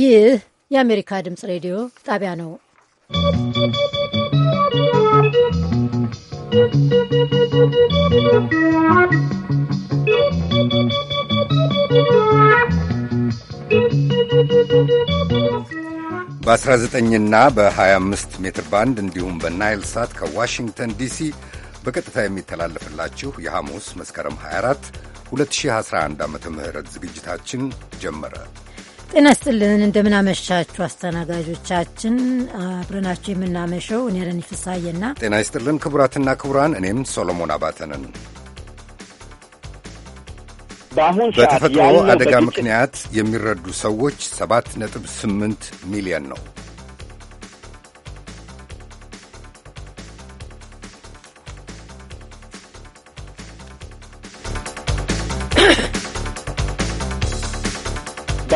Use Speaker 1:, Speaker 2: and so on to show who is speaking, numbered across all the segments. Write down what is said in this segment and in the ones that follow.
Speaker 1: ይህ የአሜሪካ ድምፅ ሬዲዮ ጣቢያ ነው።
Speaker 2: በ19ና በ25 ሜትር ባንድ እንዲሁም በናይል ሳት ከዋሽንግተን ዲሲ በቀጥታ የሚተላለፍላችሁ የሐሙስ መስከረም 24 2011 ዓ ም ዝግጅታችን ጀመረ።
Speaker 1: ጤና ይስጥልን እንደምናመሻችሁ አስተናጋጆቻችን አብረናችሁ የምናመሸው እኔ ረኒ ፍሳዬና
Speaker 2: ጤና ይስጥልን ክቡራትና ክቡራን እኔም ሶሎሞን አባተንን በተፈጥሮ አደጋ ምክንያት የሚረዱ ሰዎች 7.8 ሚሊዮን ነው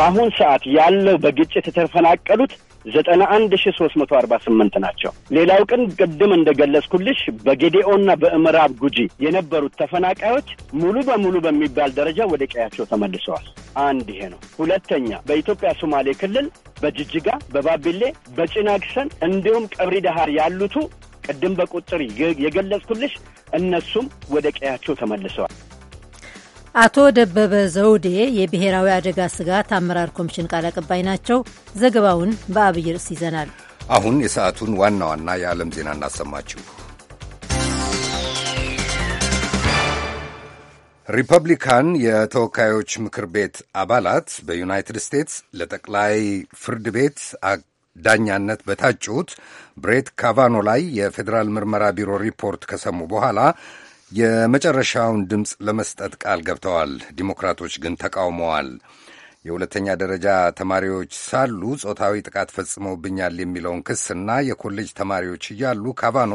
Speaker 3: በአሁን ሰዓት ያለው በግጭት የተፈናቀሉት ዘጠና አንድ ሺ ሶስት መቶ አርባ ስምንት ናቸው። ሌላው ቀን ቅድም እንደገለጽኩልሽ በጌዴኦና በምዕራብ ጉጂ የነበሩት ተፈናቃዮች ሙሉ በሙሉ በሚባል ደረጃ ወደ ቀያቸው ተመልሰዋል። አንድ ይሄ ነው። ሁለተኛ በኢትዮጵያ ሶማሌ ክልል በጅጅጋ፣ በባቢሌ፣ በጭናክሰን እንዲሁም ቀብሪ ዳሃር ያሉቱ ቅድም በቁጥር የገለጽኩልሽ እነሱም ወደ ቀያቸው ተመልሰዋል።
Speaker 1: አቶ ደበበ ዘውዴ የብሔራዊ አደጋ ስጋት አመራር ኮሚሽን ቃል አቀባይ ናቸው። ዘገባውን በአብይ ርዕስ ይዘናል።
Speaker 2: አሁን የሰዓቱን ዋና ዋና የዓለም ዜና እናሰማችሁ። ሪፐብሊካን የተወካዮች ምክር ቤት አባላት በዩናይትድ ስቴትስ ለጠቅላይ ፍርድ ቤት ዳኛነት በታጩት ብሬት ካቫኖ ላይ የፌዴራል ምርመራ ቢሮ ሪፖርት ከሰሙ በኋላ የመጨረሻውን ድምፅ ለመስጠት ቃል ገብተዋል። ዲሞክራቶች ግን ተቃውመዋል። የሁለተኛ ደረጃ ተማሪዎች ሳሉ ጾታዊ ጥቃት ፈጽመውብኛል የሚለውን ክስና የኮሌጅ ተማሪዎች እያሉ ካቫኖ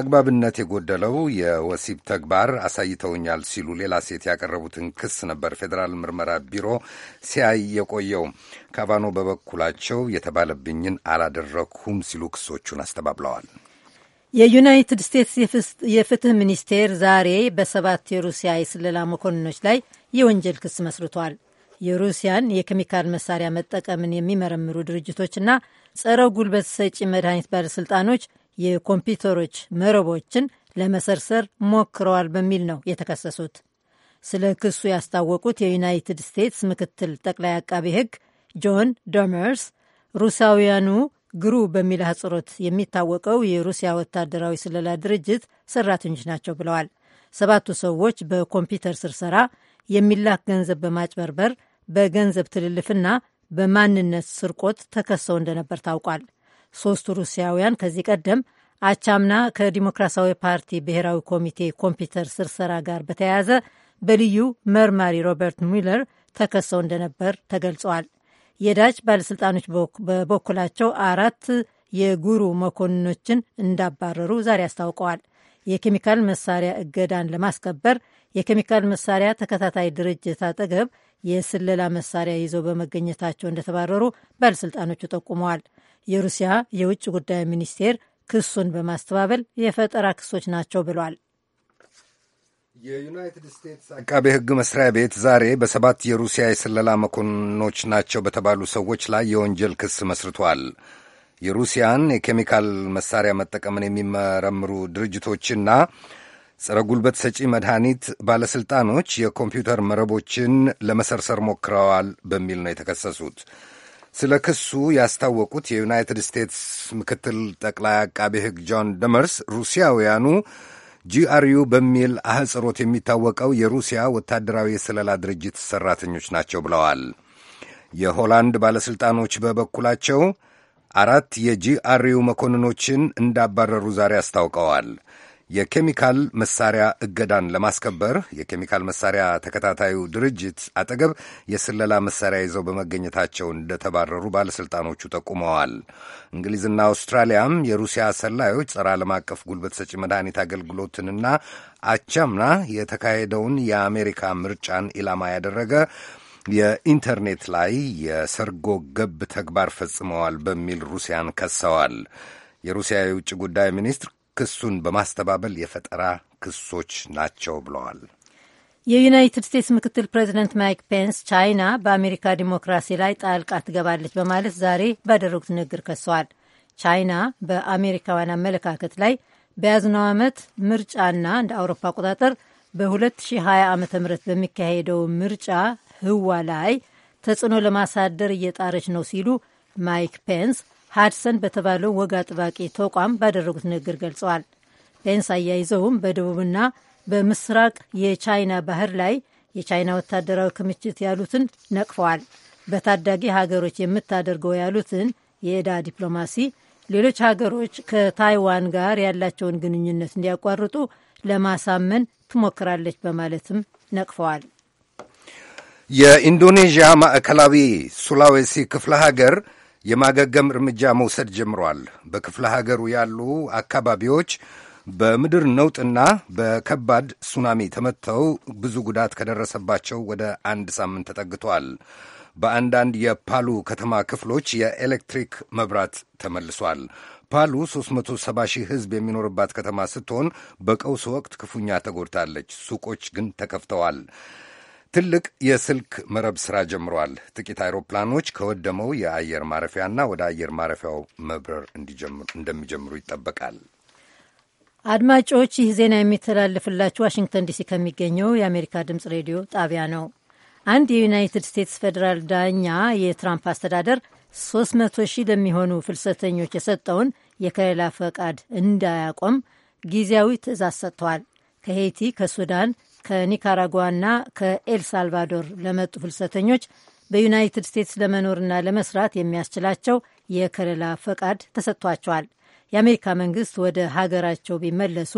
Speaker 2: አግባብነት የጎደለው የወሲብ ተግባር አሳይተውኛል ሲሉ ሌላ ሴት ያቀረቡትን ክስ ነበር ፌዴራል ምርመራ ቢሮ ሲያይ የቆየው። ካቫኖ በበኩላቸው የተባለብኝን አላደረግሁም ሲሉ ክሶቹን አስተባብለዋል።
Speaker 1: የዩናይትድ ስቴትስ የፍትህ ሚኒስቴር ዛሬ በሰባት የሩሲያ የስለላ መኮንኖች ላይ የወንጀል ክስ መስርቷል። የሩሲያን የኬሚካል መሳሪያ መጠቀምን የሚመረምሩ ድርጅቶችና ጸረ ጉልበት ሰጪ መድኃኒት ባለሥልጣኖች የኮምፒውተሮች መረቦችን ለመሰርሰር ሞክረዋል በሚል ነው የተከሰሱት። ስለ ክሱ ያስታወቁት የዩናይትድ ስቴትስ ምክትል ጠቅላይ አቃቤ ሕግ ጆን ዶመርስ ሩሳውያኑ ግሩ በሚል አህጽሮት የሚታወቀው የሩሲያ ወታደራዊ ስለላ ድርጅት ሰራተኞች ናቸው ብለዋል። ሰባቱ ሰዎች በኮምፒውተር ስርሰራ፣ የሚላክ ገንዘብ በማጭበርበር፣ በገንዘብ ትልልፍና በማንነት ስርቆት ተከሰው እንደነበር ታውቋል። ሶስቱ ሩሲያውያን ከዚህ ቀደም አቻምና ከዲሞክራሲያዊ ፓርቲ ብሔራዊ ኮሚቴ ኮምፒውተር ስርሰራ ጋር በተያያዘ በልዩ መርማሪ ሮበርት ሚለር ተከሰው እንደነበር ተገልጸዋል። የዳጅ ባለሥልጣኖች በበኩላቸው አራት የጉሩ መኮንኖችን እንዳባረሩ ዛሬ አስታውቀዋል። የኬሚካል መሳሪያ እገዳን ለማስከበር የኬሚካል መሳሪያ ተከታታይ ድርጅት አጠገብ የስለላ መሳሪያ ይዘው በመገኘታቸው እንደተባረሩ ባለሥልጣኖቹ ጠቁመዋል። የሩሲያ የውጭ ጉዳይ ሚኒስቴር ክሱን በማስተባበል የፈጠራ ክሶች ናቸው ብሏል። የዩናይትድ
Speaker 2: ስቴትስ አቃቤ ሕግ መስሪያ ቤት ዛሬ በሰባት የሩሲያ የስለላ መኮንኖች ናቸው በተባሉ ሰዎች ላይ የወንጀል ክስ መስርቷል። የሩሲያን የኬሚካል መሳሪያ መጠቀምን የሚመረምሩ ድርጅቶችና ጸረ ጉልበት ሰጪ መድኃኒት ባለሥልጣኖች የኮምፒውተር መረቦችን ለመሰርሰር ሞክረዋል በሚል ነው የተከሰሱት። ስለ ክሱ ያስታወቁት የዩናይትድ ስቴትስ ምክትል ጠቅላይ አቃቤ ሕግ ጆን ደመርስ ሩሲያውያኑ ጂአርዩ በሚል አህጽሮት የሚታወቀው የሩሲያ ወታደራዊ የስለላ ድርጅት ሠራተኞች ናቸው ብለዋል። የሆላንድ ባለሥልጣኖች በበኩላቸው አራት የጂአርዩ መኮንኖችን እንዳባረሩ ዛሬ አስታውቀዋል። የኬሚካል መሳሪያ እገዳን ለማስከበር የኬሚካል መሳሪያ ተከታታዩ ድርጅት አጠገብ የስለላ መሳሪያ ይዘው በመገኘታቸው እንደተባረሩ ባለሥልጣኖቹ ጠቁመዋል። እንግሊዝና አውስትራሊያም የሩሲያ ሰላዮች ጸረ ዓለም አቀፍ ጉልበት ሰጪ መድኃኒት አገልግሎትንና አቻምና የተካሄደውን የአሜሪካ ምርጫን ኢላማ ያደረገ የኢንተርኔት ላይ የሰርጎ ገብ ተግባር ፈጽመዋል በሚል ሩሲያን ከሰዋል። የሩሲያ የውጭ ጉዳይ ሚኒስትር ክሱን በማስተባበል የፈጠራ ክሶች ናቸው ብለዋል።
Speaker 1: የዩናይትድ ስቴትስ ምክትል ፕሬዚደንት ማይክ ፔንስ ቻይና በአሜሪካ ዲሞክራሲ ላይ ጣልቃ ትገባለች በማለት ዛሬ ባደረጉት ንግግር ከሰዋል። ቻይና በአሜሪካውያን አመለካከት ላይ በያዝነው ዓመት ምርጫና እንደ አውሮፓ አቆጣጠር በ2020 ዓ ም በሚካሄደው ምርጫ ህዋ ላይ ተጽዕኖ ለማሳደር እየጣረች ነው ሲሉ ማይክ ፔንስ ሃድሰን በተባለው ወግ አጥባቂ ተቋም ባደረጉት ንግግር ገልጸዋል። ፔንስ አያይዘውም በደቡብና በምስራቅ የቻይና ባህር ላይ የቻይና ወታደራዊ ክምችት ያሉትን ነቅፈዋል። በታዳጊ ሀገሮች የምታደርገው ያሉትን የዕዳ ዲፕሎማሲ፣ ሌሎች ሀገሮች ከታይዋን ጋር ያላቸውን ግንኙነት እንዲያቋርጡ ለማሳመን ትሞክራለች በማለትም ነቅፈዋል።
Speaker 2: የኢንዶኔዥያ ማዕከላዊ ሱላዌሲ ክፍለ ሀገር የማገገም እርምጃ መውሰድ ጀምሯል። በክፍለ ሀገሩ ያሉ አካባቢዎች በምድር ነውጥና በከባድ ሱናሚ ተመተው ብዙ ጉዳት ከደረሰባቸው ወደ አንድ ሳምንት ተጠግቷል። በአንዳንድ የፓሉ ከተማ ክፍሎች የኤሌክትሪክ መብራት ተመልሷል። ፓሉ 370 ሺህ ሕዝብ የሚኖርባት ከተማ ስትሆን በቀውስ ወቅት ክፉኛ ተጎድታለች። ሱቆች ግን ተከፍተዋል። ትልቅ የስልክ መረብ ሥራ ጀምሯል። ጥቂት አይሮፕላኖች ከወደመው የአየር ማረፊያና ወደ አየር ማረፊያው መብረር እንደሚጀምሩ ይጠበቃል።
Speaker 1: አድማጮች፣ ይህ ዜና የሚተላለፍላችሁ ዋሽንግተን ዲሲ ከሚገኘው የአሜሪካ ድምፅ ሬዲዮ ጣቢያ ነው። አንድ የዩናይትድ ስቴትስ ፌዴራል ዳኛ የትራምፕ አስተዳደር 300 ሺህ ለሚሆኑ ፍልሰተኞች የሰጠውን የከለላ ፈቃድ እንዳያቆም ጊዜያዊ ትዕዛዝ ሰጥተዋል። ከሄይቲ፣ ከሱዳን፣ ከኒካራጓና ከኤልሳልቫዶር ለመጡ ፍልሰተኞች በዩናይትድ ስቴትስ ለመኖርና ለመስራት የሚያስችላቸው የከለላ ፈቃድ ተሰጥቷቸዋል። የአሜሪካ መንግስት ወደ ሀገራቸው ቢመለሱ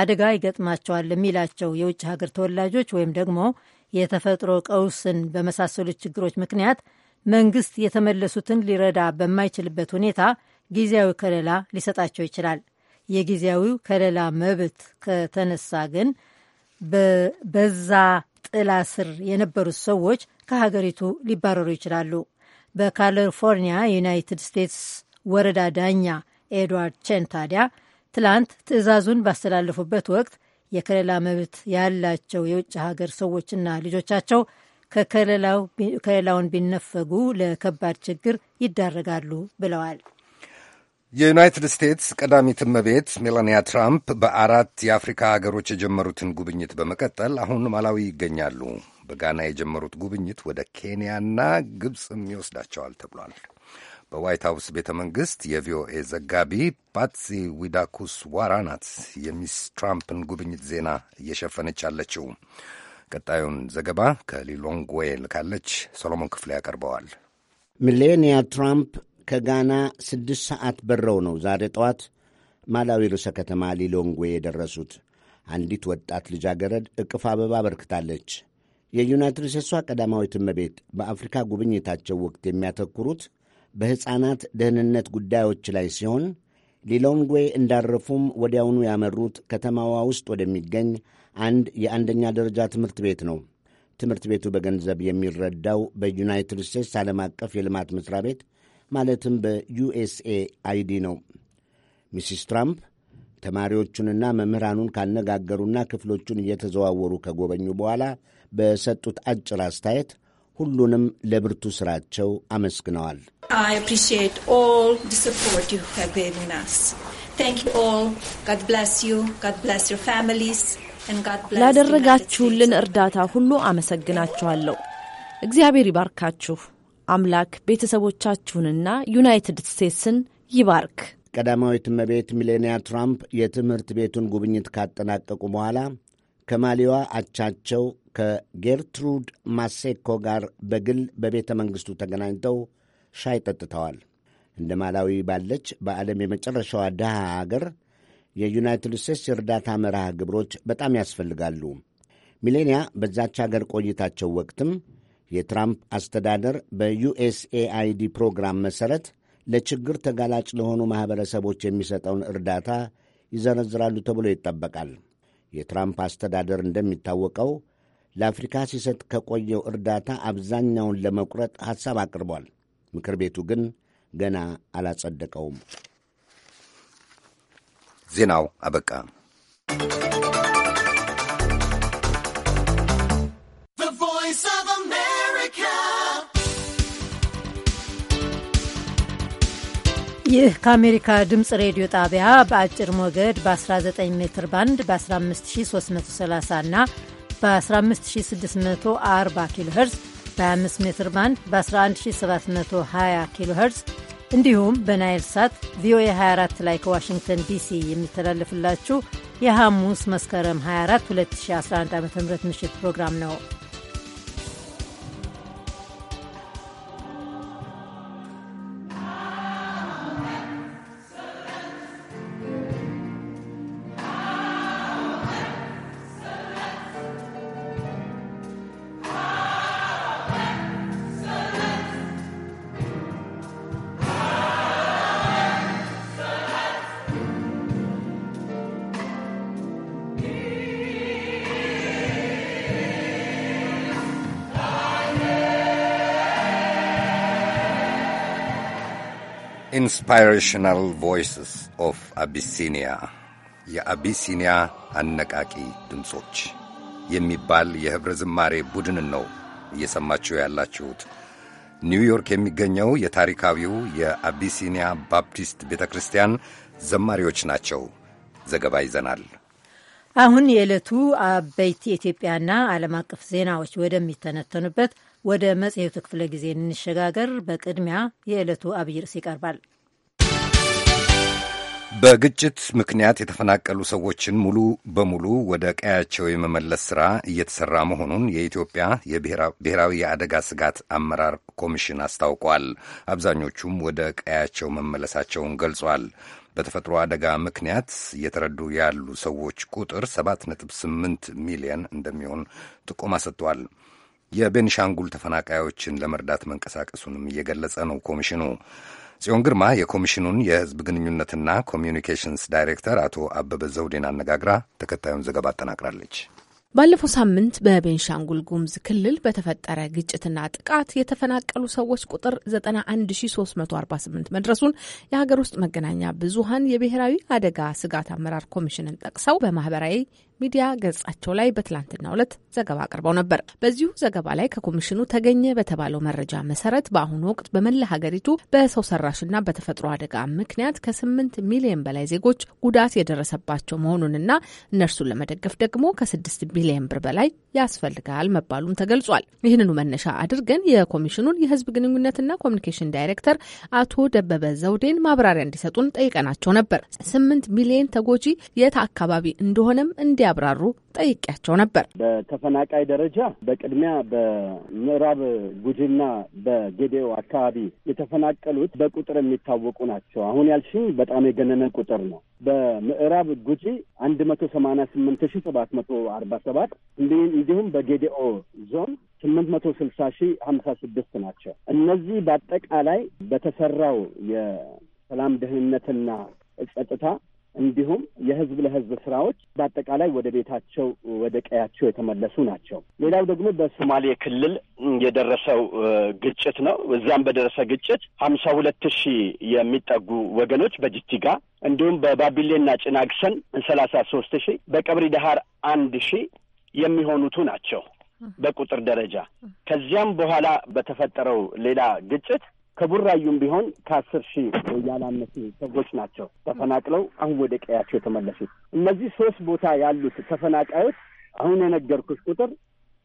Speaker 1: አደጋ ይገጥማቸዋል ለሚላቸው የውጭ ሀገር ተወላጆች ወይም ደግሞ የተፈጥሮ ቀውስን በመሳሰሉት ችግሮች ምክንያት መንግስት የተመለሱትን ሊረዳ በማይችልበት ሁኔታ ጊዜያዊ ከለላ ሊሰጣቸው ይችላል። የጊዜያዊው ከለላ መብት ከተነሳ ግን በዛ ጥላ ስር የነበሩት ሰዎች ከሀገሪቱ ሊባረሩ ይችላሉ። በካሊፎርኒያ የዩናይትድ ስቴትስ ወረዳ ዳኛ ኤድዋርድ ቼን ታዲያ ትላንት ትዕዛዙን ባስተላለፉበት ወቅት የከለላ መብት ያላቸው የውጭ ሀገር ሰዎችና ልጆቻቸው ከከለላውን ቢነፈጉ ለከባድ ችግር ይዳረጋሉ ብለዋል።
Speaker 2: የዩናይትድ ስቴትስ ቀዳሚ እመቤት ሜላኒያ ትራምፕ በአራት የአፍሪካ ሀገሮች የጀመሩትን ጉብኝት በመቀጠል አሁን ማላዊ ይገኛሉ። በጋና የጀመሩት ጉብኝት ወደ ኬንያና ግብፅም ይወስዳቸዋል ተብሏል። በዋይት ሀውስ ቤተ መንግሥት የቪኦኤ ዘጋቢ ፓትሲ ዊዳኩስ ዋራ ናት የሚስ ትራምፕን ጉብኝት ዜና እየሸፈነች ያለችው። ቀጣዩን ዘገባ ከሊሎንግዌ ልካለች። ሰሎሞን ክፍሌ ያቀርበዋል።
Speaker 4: ሚሌኒያ ትራምፕ ከጋና ስድስት ሰዓት በረው ነው ዛሬ ጠዋት ማላዊ ርዕሰ ከተማ ሊሎንግዌ የደረሱት። አንዲት ወጣት ልጃገረድ እቅፍ አበባ አበርክታለች። የዩናይትድ ስቴትሷ ቀዳማዊት እመቤት በአፍሪካ ጉብኝታቸው ወቅት የሚያተኩሩት በሕፃናት ደህንነት ጉዳዮች ላይ ሲሆን ሊሎንግዌ እንዳረፉም ወዲያውኑ ያመሩት ከተማዋ ውስጥ ወደሚገኝ አንድ የአንደኛ ደረጃ ትምህርት ቤት ነው። ትምህርት ቤቱ በገንዘብ የሚረዳው በዩናይትድ ስቴትስ ዓለም አቀፍ የልማት መሥሪያ ቤት ማለትም በዩኤስኤ አይዲ ነው። ሚስስ ትራምፕ ተማሪዎቹንና መምህራኑን ካነጋገሩና ክፍሎቹን እየተዘዋወሩ ከጎበኙ በኋላ በሰጡት አጭር አስተያየት ሁሉንም ለብርቱ ስራቸው አመስግነዋል።
Speaker 5: ላደረጋችሁልን
Speaker 6: እርዳታ ሁሉ አመሰግናችኋለሁ። እግዚአብሔር ይባርካችሁ፣ አምላክ ቤተሰቦቻችሁንና ዩናይትድ ስቴትስን ይባርክ።
Speaker 4: ቀዳማዊት እመቤት ሚሌኒያ ትራምፕ የትምህርት ቤቱን ጉብኝት ካጠናቀቁ በኋላ ከማሊዋ አቻቸው ከጌርትሩድ ማሴኮ ጋር በግል በቤተ መንግሥቱ ተገናኝተው ሻይ ጠጥተዋል። እንደ ማላዊ ባለች በዓለም የመጨረሻዋ ድሃ አገር የዩናይትድ ስቴትስ የእርዳታ መርሃ ግብሮች በጣም ያስፈልጋሉ። ሚሌኒያ በዛች አገር ቆይታቸው ወቅትም የትራምፕ አስተዳደር በዩኤስኤአይዲ ፕሮግራም መሠረት ለችግር ተጋላጭ ለሆኑ ማኅበረሰቦች የሚሰጠውን እርዳታ ይዘረዝራሉ ተብሎ ይጠበቃል። የትራምፕ አስተዳደር እንደሚታወቀው ለአፍሪካ ሲሰጥ ከቆየው እርዳታ አብዛኛውን ለመቁረጥ ሐሳብ አቅርቧል። ምክር ቤቱ ግን ገና
Speaker 2: አላጸደቀውም። ዜናው አበቃ።
Speaker 1: ይህ ከአሜሪካ ድምፅ ሬዲዮ ጣቢያ በአጭር ሞገድ በ19 ሜትር ባንድ በ15330 እና በ15640 ኪሎ ሄርዝ በ25 ሜትር ባንድ በ11720 ኪሎ ሄርዝ እንዲሁም በናይል ሳት ቪኦኤ 24 ላይ ከዋሽንግተን ዲሲ የሚተላለፍላችሁ የሐሙስ መስከረም 24 2011 ዓ ም ምሽት ፕሮግራም ነው።
Speaker 2: ኢንስፓይሬሽናል ቮይስስ ኦፍ አቢሲኒያ የአቢሲኒያ አነቃቂ ድምፆች የሚባል የኅብረ ዝማሬ ቡድንን ነው እየሰማችሁ ያላችሁት። ኒውዮርክ የሚገኘው የታሪካዊው የአቢሲኒያ ባፕቲስት ቤተ ክርስቲያን ዘማሪዎች ናቸው። ዘገባ ይዘናል።
Speaker 1: አሁን የዕለቱ አበይት የኢትዮጵያና ዓለም አቀፍ ዜናዎች ወደሚተነተኑበት ወደ መጽሔቱ ክፍለ ጊዜ እንሸጋገር። በቅድሚያ የዕለቱ አብይ ርዕስ ይቀርባል።
Speaker 2: በግጭት ምክንያት የተፈናቀሉ ሰዎችን ሙሉ በሙሉ ወደ ቀያቸው የመመለስ ሥራ እየተሠራ መሆኑን የኢትዮጵያ የብሔራዊ የአደጋ ስጋት አመራር ኮሚሽን አስታውቋል። አብዛኞቹም ወደ ቀያቸው መመለሳቸውን ገልጿል። በተፈጥሮ አደጋ ምክንያት እየተረዱ ያሉ ሰዎች ቁጥር 7.8 ሚሊዮን እንደሚሆን ጥቆማ ሰጥቷል። የቤንሻንጉል ተፈናቃዮችን ለመርዳት መንቀሳቀሱንም እየገለጸ ነው ኮሚሽኑ። ጽዮን ግርማ የኮሚሽኑን የህዝብ ግንኙነትና ኮሚዩኒኬሽንስ ዳይሬክተር አቶ አበበ ዘውዴን አነጋግራ ተከታዩን ዘገባ አጠናቅራለች።
Speaker 7: ባለፈው ሳምንት በቤንሻንጉል ጉምዝ ክልል በተፈጠረ ግጭትና ጥቃት የተፈናቀሉ ሰዎች ቁጥር 91348 መድረሱን የሀገር ውስጥ መገናኛ ብዙሃን የብሔራዊ አደጋ ስጋት አመራር ኮሚሽንን ጠቅሰው በማህበራዊ ሚዲያ ገጻቸው ላይ በትላንትናው ዕለት ዘገባ አቅርበው ነበር። በዚሁ ዘገባ ላይ ከኮሚሽኑ ተገኘ በተባለው መረጃ መሰረት በአሁኑ ወቅት በመላ ሀገሪቱ በሰው ሰራሽና በተፈጥሮ አደጋ ምክንያት ከስምንት ሚሊዮን በላይ ዜጎች ጉዳት የደረሰባቸው መሆኑንና እነርሱን ለመደገፍ ደግሞ ከስድስት ቢሊዮን ብር በላይ ያስፈልጋል መባሉም ተገልጿል። ይህንኑ መነሻ አድርገን የኮሚሽኑን የህዝብ ግንኙነትና ኮሚኒኬሽን ዳይሬክተር አቶ ደበበ ዘውዴን ማብራሪያ እንዲሰጡን ጠይቀናቸው ነበር። ስምንት ሚሊዮን ተጎጂ የት አካባቢ እንደሆነም እንዲያ እንዲያብራሩ ጠይቄያቸው ነበር።
Speaker 3: በተፈናቃይ ደረጃ በቅድሚያ በምዕራብ ጉጂና በጌዴኦ አካባቢ የተፈናቀሉት በቁጥር የሚታወቁ ናቸው። አሁን ያልሽኝ በጣም የገነነ ቁጥር ነው። በምዕራብ ጉጂ አንድ መቶ ሰማንያ ስምንት ሺ ሰባት መቶ አርባ ሰባት እንዲሁም በጌዴኦ ዞን ስምንት መቶ ስልሳ ሺ ሀምሳ ስድስት ናቸው። እነዚህ በአጠቃላይ በተሰራው የሰላም ደህንነትና ጸጥታ እንዲሁም የህዝብ ለህዝብ ስራዎች በአጠቃላይ ወደ ቤታቸው ወደ ቀያቸው የተመለሱ ናቸው። ሌላው ደግሞ በሶማሌ ክልል የደረሰው ግጭት ነው። እዛም በደረሰ ግጭት ሀምሳ ሁለት ሺህ የሚጠጉ ወገኖች በጅቲጋ እንዲሁም በባቢሌና ጭናግሰን ሰላሳ ሶስት ሺህ በቀብሪ ዳሀር አንድ ሺህ የሚሆኑቱ ናቸው በቁጥር ደረጃ ከዚያም በኋላ በተፈጠረው ሌላ ግጭት ከቡራዩም ቢሆን ከአስር ሺህ ያላነሱ ሰዎች ናቸው ተፈናቅለው አሁን ወደ ቀያቸው የተመለሱት። እነዚህ ሶስት ቦታ ያሉት ተፈናቃዮች አሁን የነገርኩት ቁጥር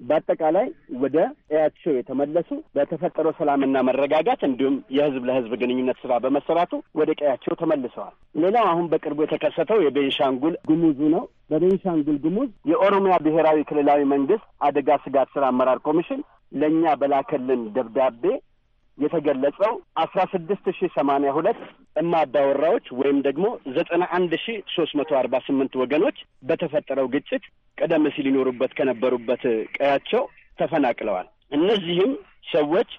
Speaker 3: በአጠቃላይ ወደ ቀያቸው የተመለሱ በተፈጠረው ሰላምና መረጋጋት እንዲሁም የህዝብ ለህዝብ ግንኙነት ስራ በመሰራቱ ወደ ቀያቸው ተመልሰዋል። ሌላው አሁን በቅርቡ የተከሰተው የቤንሻንጉል ጉሙዙ ነው። በቤንሻንጉል ጉሙዝ የኦሮሚያ ብሔራዊ ክልላዊ መንግስት አደጋ ስጋት ስራ አመራር ኮሚሽን ለእኛ በላከልን ደብዳቤ የተገለጸው አስራ ስድስት ሺ ሰማኒያ ሁለት እማባወራዎች ወይም ደግሞ ዘጠና አንድ ሺ ሶስት መቶ አርባ ስምንት ወገኖች በተፈጠረው ግጭት ቀደም ሲል ይኖሩበት ከነበሩበት ቀያቸው ተፈናቅለዋል። እነዚህም ሰዎች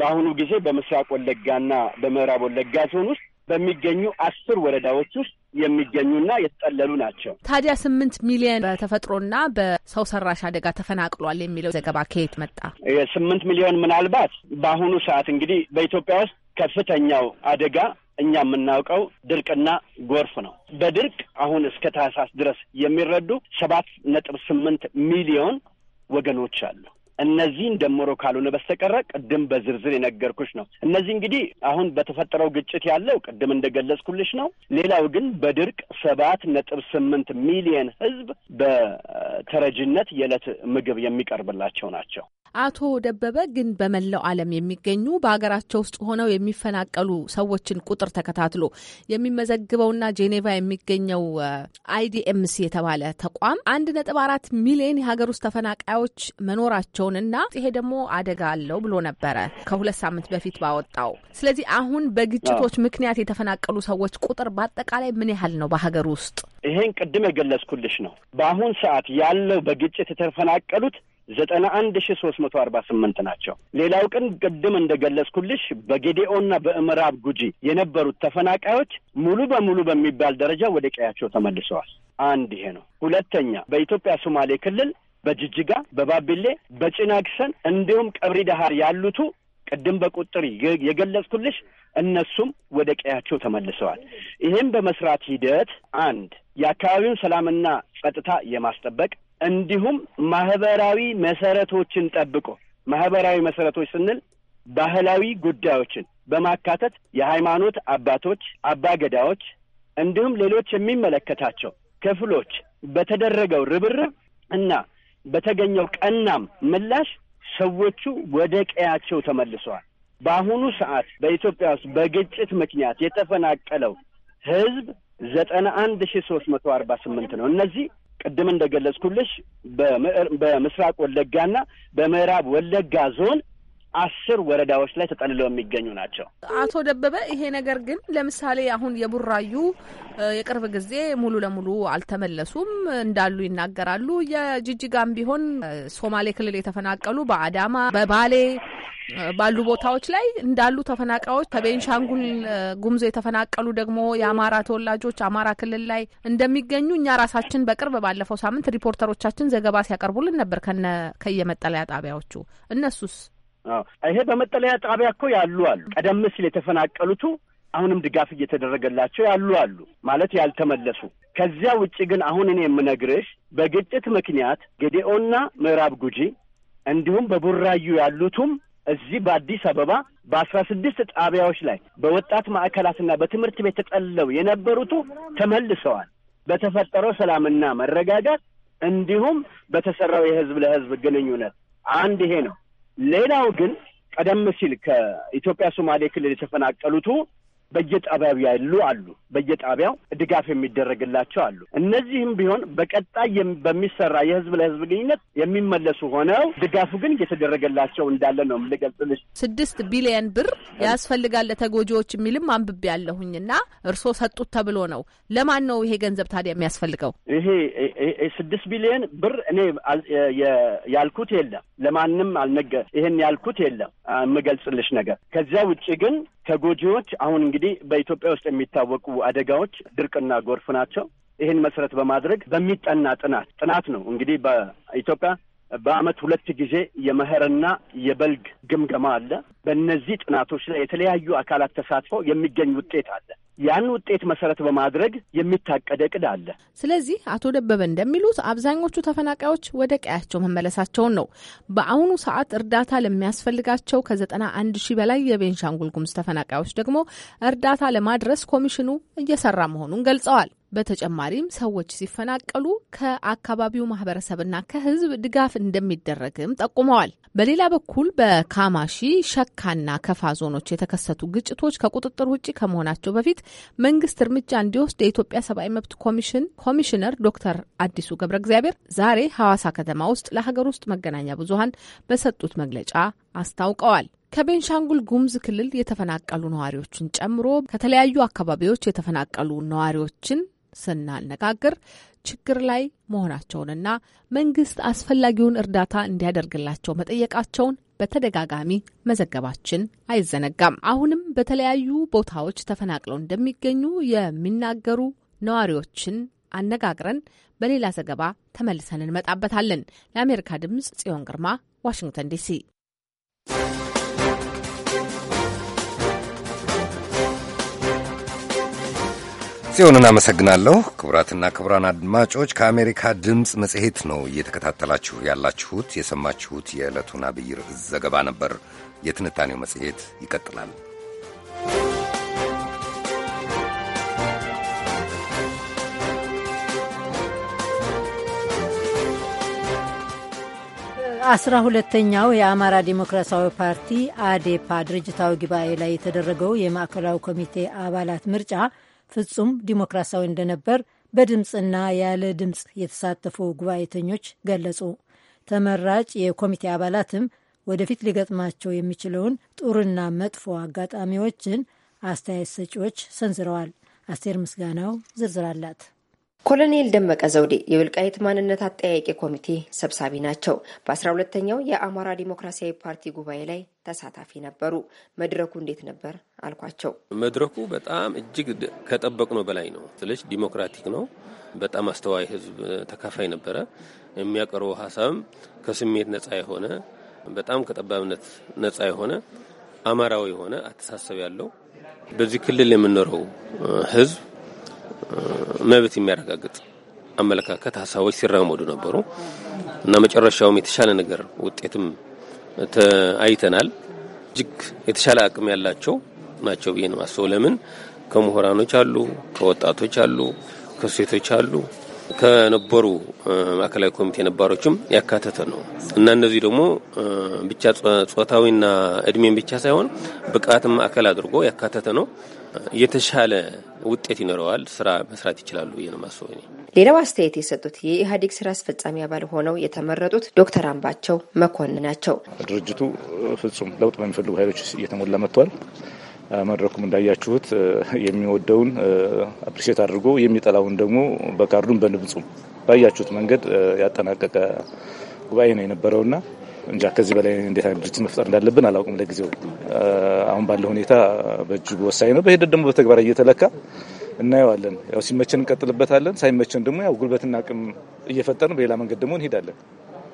Speaker 3: በአሁኑ ጊዜ በምስራቅ ወለጋና በምዕራብ ወለጋ ዞን ውስጥ በሚገኙ አስር ወረዳዎች ውስጥ የሚገኙና የተጠለሉ ናቸው።
Speaker 7: ታዲያ ስምንት ሚሊዮን በተፈጥሮና በሰው ሰራሽ አደጋ ተፈናቅሏል የሚለው ዘገባ ከየት መጣ?
Speaker 3: የስምንት ሚሊዮን ምናልባት በአሁኑ ሰዓት እንግዲህ በኢትዮጵያ ውስጥ ከፍተኛው አደጋ እኛ የምናውቀው ድርቅና ጎርፍ ነው። በድርቅ አሁን እስከ ታህሳስ ድረስ የሚረዱ ሰባት ነጥብ ስምንት ሚሊዮን ወገኖች አሉ። እነዚህን ደምሮ ካልሆነ በስተቀረ ቅድም በዝርዝር የነገርኩሽ ነው። እነዚህ እንግዲህ አሁን በተፈጠረው ግጭት ያለው ቅድም እንደገለጽኩልሽ ነው። ሌላው ግን በድርቅ ሰባት ነጥብ ስምንት ሚሊየን ህዝብ በተረጅነት የዕለት ምግብ የሚቀርብላቸው ናቸው።
Speaker 7: አቶ ደበበ ግን በመላው ዓለም የሚገኙ በሀገራቸው ውስጥ ሆነው የሚፈናቀሉ ሰዎችን ቁጥር ተከታትሎ የሚመዘግበውና ጄኔቫ የሚገኘው አይዲኤምሲ የተባለ ተቋም አንድ ነጥብ አራት ሚሊዮን የሀገር ውስጥ ተፈናቃዮች መኖራቸውን እና ይሄ ደግሞ አደጋ አለው ብሎ ነበረ ከሁለት ሳምንት በፊት ባወጣው። ስለዚህ አሁን በግጭቶች ምክንያት የተፈናቀሉ ሰዎች ቁጥር በአጠቃላይ ምን ያህል ነው በሀገር ውስጥ?
Speaker 3: ይሄን ቅድም የገለጽኩልሽ ነው። በአሁን ሰዓት ያለው በግጭት የተፈናቀሉት ዘጠና አንድ ሺ ሶስት መቶ አርባ ስምንት ናቸው። ሌላው ቀን ቅድም እንደ ገለጽኩልሽ በጌዴኦና በምዕራብ ጉጂ የነበሩት ተፈናቃዮች ሙሉ በሙሉ በሚባል ደረጃ ወደ ቀያቸው ተመልሰዋል። አንድ ይሄ ነው። ሁለተኛ በኢትዮጵያ ሶማሌ ክልል በጅጅጋ፣ በባቢሌ፣ በጭናክሰን እንዲሁም ቀብሪ ዳሃር ያሉቱ ቅድም በቁጥር የገለጽኩልሽ እነሱም ወደ ቀያቸው ተመልሰዋል። ይህም በመስራት ሂደት አንድ የአካባቢውን ሰላምና ጸጥታ የማስጠበቅ እንዲሁም ማህበራዊ መሰረቶችን ጠብቆ ማህበራዊ መሰረቶች ስንል ባህላዊ ጉዳዮችን በማካተት የሃይማኖት አባቶች፣ አባገዳዎች እንዲሁም ሌሎች የሚመለከታቸው ክፍሎች በተደረገው ርብርብ እና በተገኘው ቀናም ምላሽ ሰዎቹ ወደ ቀያቸው ተመልሰዋል። በአሁኑ ሰዓት በኢትዮጵያ ውስጥ በግጭት ምክንያት የተፈናቀለው ህዝብ ዘጠና አንድ ሺ ሶስት መቶ አርባ ስምንት ነው። እነዚህ ቅድም እንደገለጽኩልሽ በምስራቅ ወለጋና በምዕራብ ወለጋ ዞን አስር ወረዳዎች ላይ ተጠልለው የሚገኙ ናቸው።
Speaker 7: አቶ ደበበ፣ ይሄ ነገር ግን ለምሳሌ አሁን የቡራዩ የቅርብ ጊዜ ሙሉ ለሙሉ አልተመለሱም እንዳሉ ይናገራሉ። የጅጅጋም ቢሆን ሶማሌ ክልል የተፈናቀሉ በአዳማ በባሌ ባሉ ቦታዎች ላይ እንዳሉ ተፈናቃዮች፣ ከቤንሻንጉል ጉምዞ የተፈናቀሉ ደግሞ የአማራ ተወላጆች አማራ ክልል ላይ እንደሚገኙ እኛ ራሳችን በቅርብ ባለፈው ሳምንት ሪፖርተሮቻችን ዘገባ ሲያቀርቡልን ነበር ከነ ከየመጠለያ ጣቢያዎቹ እነሱስ
Speaker 3: ይሄ በመጠለያ ጣቢያ እኮ ያሉ አሉ። ቀደም ሲል የተፈናቀሉቱ አሁንም ድጋፍ እየተደረገላቸው ያሉ አሉ ማለት ያልተመለሱ። ከዚያ ውጭ ግን አሁን እኔ የምነግርሽ በግጭት ምክንያት ጌዴኦና ምዕራብ ጉጂ እንዲሁም በቡራዩ ያሉትም እዚህ በአዲስ አበባ በአስራ ስድስት ጣቢያዎች ላይ በወጣት ማዕከላትና በትምህርት ቤት ተጠለው የነበሩቱ ተመልሰዋል። በተፈጠረው ሰላምና መረጋጋት እንዲሁም በተሰራው የህዝብ ለህዝብ ግንኙነት አንድ ይሄ ነው። ሌላው ግን ቀደም ሲል ከኢትዮጵያ ሶማሌ ክልል የተፈናቀሉቱ በየጣቢያው ያሉ አሉ፣ በየጣቢያው ድጋፍ የሚደረግላቸው አሉ። እነዚህም ቢሆን በቀጣይ በሚሰራ የህዝብ ለህዝብ ግንኙነት የሚመለሱ ሆነው ድጋፉ ግን እየተደረገላቸው
Speaker 7: እንዳለ ነው የምልገልጽልሽ። ስድስት ቢሊየን ብር ያስፈልጋል ለተጎጂዎች የሚልም አንብቤ ያለሁኝ እና እርስዎ ሰጡት ተብሎ ነው። ለማን ነው ይሄ ገንዘብ ታዲያ የሚያስፈልገው?
Speaker 3: ይሄ ስድስት ቢሊየን ብር እኔ ያልኩት የለም፣ ለማንም አልነገ ይህን ያልኩት የለም የምገልጽልሽ ነገር ከዚያ ውጭ ግን ተጎጂዎች አሁን እንግዲህ በኢትዮጵያ ውስጥ የሚታወቁ አደጋዎች ድርቅና ጎርፍ ናቸው። ይህን መሰረት በማድረግ በሚጠና ጥናት ጥናት ነው እንግዲህ በኢትዮጵያ በአመት ሁለት ጊዜ የመኸርና የበልግ ግምገማ አለ። በእነዚህ ጥናቶች ላይ የተለያዩ አካላት ተሳትፈው የሚገኝ ውጤት አለ። ያን ውጤት መሰረት በማድረግ የሚታቀደ እቅድ አለ።
Speaker 7: ስለዚህ አቶ ደበበ እንደሚሉት አብዛኞቹ ተፈናቃዮች ወደ ቀያቸው መመለሳቸውን ነው። በአሁኑ ሰዓት እርዳታ ለሚያስፈልጋቸው ከዘጠና አንድ ሺህ በላይ የቤንሻንጉል ጉምዝ ተፈናቃዮች ደግሞ እርዳታ ለማድረስ ኮሚሽኑ እየሰራ መሆኑን ገልጸዋል። በተጨማሪም ሰዎች ሲፈናቀሉ ከአካባቢው ማህበረሰብና ከህዝብ ድጋፍ እንደሚደረግም ጠቁመዋል። በሌላ በኩል በካማሺ ሸ ካና ከፋ ዞኖች የተከሰቱ ግጭቶች ከቁጥጥር ውጭ ከመሆናቸው በፊት መንግስት እርምጃ እንዲወስድ የኢትዮጵያ ሰብአዊ መብት ኮሚሽን ኮሚሽነር ዶክተር አዲሱ ገብረ እግዚአብሔር ዛሬ ሐዋሳ ከተማ ውስጥ ለሀገር ውስጥ መገናኛ ብዙሀን በሰጡት መግለጫ አስታውቀዋል። ከቤንሻንጉል ጉሙዝ ክልል የተፈናቀሉ ነዋሪዎችን ጨምሮ ከተለያዩ አካባቢዎች የተፈናቀሉ ነዋሪዎችን ስናነጋግር ችግር ላይ መሆናቸውንና መንግስት አስፈላጊውን እርዳታ እንዲያደርግላቸው መጠየቃቸውን በተደጋጋሚ መዘገባችን አይዘነጋም። አሁንም በተለያዩ ቦታዎች ተፈናቅለው እንደሚገኙ የሚናገሩ ነዋሪዎችን አነጋግረን በሌላ ዘገባ ተመልሰን እንመጣበታለን። ለአሜሪካ ድምፅ ጽዮን ግርማ ዋሽንግተን ዲሲ
Speaker 2: ጽዮን እናመሰግናለሁ። ክቡራትና ክቡራን አድማጮች ከአሜሪካ ድምፅ መጽሔት ነው እየተከታተላችሁ ያላችሁት። የሰማችሁት የዕለቱን አብይ ርዕስ ዘገባ ነበር። የትንታኔው መጽሔት ይቀጥላል።
Speaker 1: አስራ ሁለተኛው የአማራ ዲሞክራሲያዊ ፓርቲ አዴፓ ድርጅታዊ ጉባኤ ላይ የተደረገው የማዕከላዊ ኮሚቴ አባላት ምርጫ ፍጹም ዲሞክራሲያዊ እንደነበር በድምፅና ያለ ድምፅ የተሳተፉ ጉባኤተኞች ገለጹ። ተመራጭ የኮሚቴ አባላትም ወደፊት ሊገጥማቸው የሚችለውን ጥሩና መጥፎ አጋጣሚዎችን አስተያየት ሰጪዎች ሰንዝረዋል። አስቴር ምስጋናው ዝርዝር አላት።
Speaker 8: ኮሎኔል ደመቀ ዘውዴ የወልቃይት ማንነት አጠያቂ ኮሚቴ ሰብሳቢ ናቸው። በአስራ ሁለተኛው የአማራ ዲሞክራሲያዊ ፓርቲ ጉባኤ ላይ ተሳታፊ ነበሩ። መድረኩ እንዴት ነበር አልኳቸው።
Speaker 9: መድረኩ በጣም እጅግ ከጠበቅነው በላይ ነው። ስለች ዲሞክራቲክ ነው። በጣም አስተዋይ ህዝብ ተካፋይ ነበረ። የሚያቀርበው ሀሳብም ከስሜት ነጻ የሆነ በጣም ከጠባብነት ነጻ የሆነ አማራዊ የሆነ አተሳሰብ ያለው በዚህ ክልል የምኖረው ህዝብ መብት የሚያረጋግጥ አመለካከት፣ ሀሳቦች ሲራመዱ ነበሩ እና መጨረሻውም የተሻለ ነገር ውጤትም አይተናል። እጅግ የተሻለ አቅም ያላቸው ናቸው ብዬ ነው ማስበው። ለምን ከምሁራኖች አሉ፣ ከወጣቶች አሉ፣ ከሴቶች አሉ ከነበሩ ማዕከላዊ ኮሚቴ ነባሮችም ያካተተ ነው እና እነዚህ ደግሞ ብቻ ጾታዊና እድሜን ብቻ ሳይሆን ብቃትም ማዕከል አድርጎ ያካተተ ነው። የተሻለ ውጤት ይኖረዋል፣ ስራ መስራት ይችላሉ ብዬ ነው የማስበው።
Speaker 8: ሌላው አስተያየት የሰጡት የኢህአዴግ ስራ አስፈጻሚ አባል ሆነው የተመረጡት ዶክተር አምባቸው መኮንን ናቸው።
Speaker 9: ድርጅቱ ፍጹም ለውጥ በሚፈልጉ ኃይሎች እየተሞላ መጥቷል። መድረኩም እንዳያችሁት የሚወደውን አፕሪሼት አድርጎ የሚጠላውን ደግሞ በካርዱን በንብጹም ባያችሁት መንገድ ያጠናቀቀ ጉባኤ ነው የነበረውና እንጃ ከዚህ በላይ እንዴት አይነት ድርጅት መፍጠር እንዳለብን አላውቅም። ለጊዜው አሁን ባለ ሁኔታ በእጅጉ ወሳኝ ነው። በሂደት ደግሞ በተግባር እየተለካ እናየዋለን። ያው ሲመቸን እንቀጥልበታለን፣ ሳይመቸን ደግሞ ያው ጉልበትና አቅም እየፈጠርን በሌላ መንገድ ደግሞ እንሄዳለን።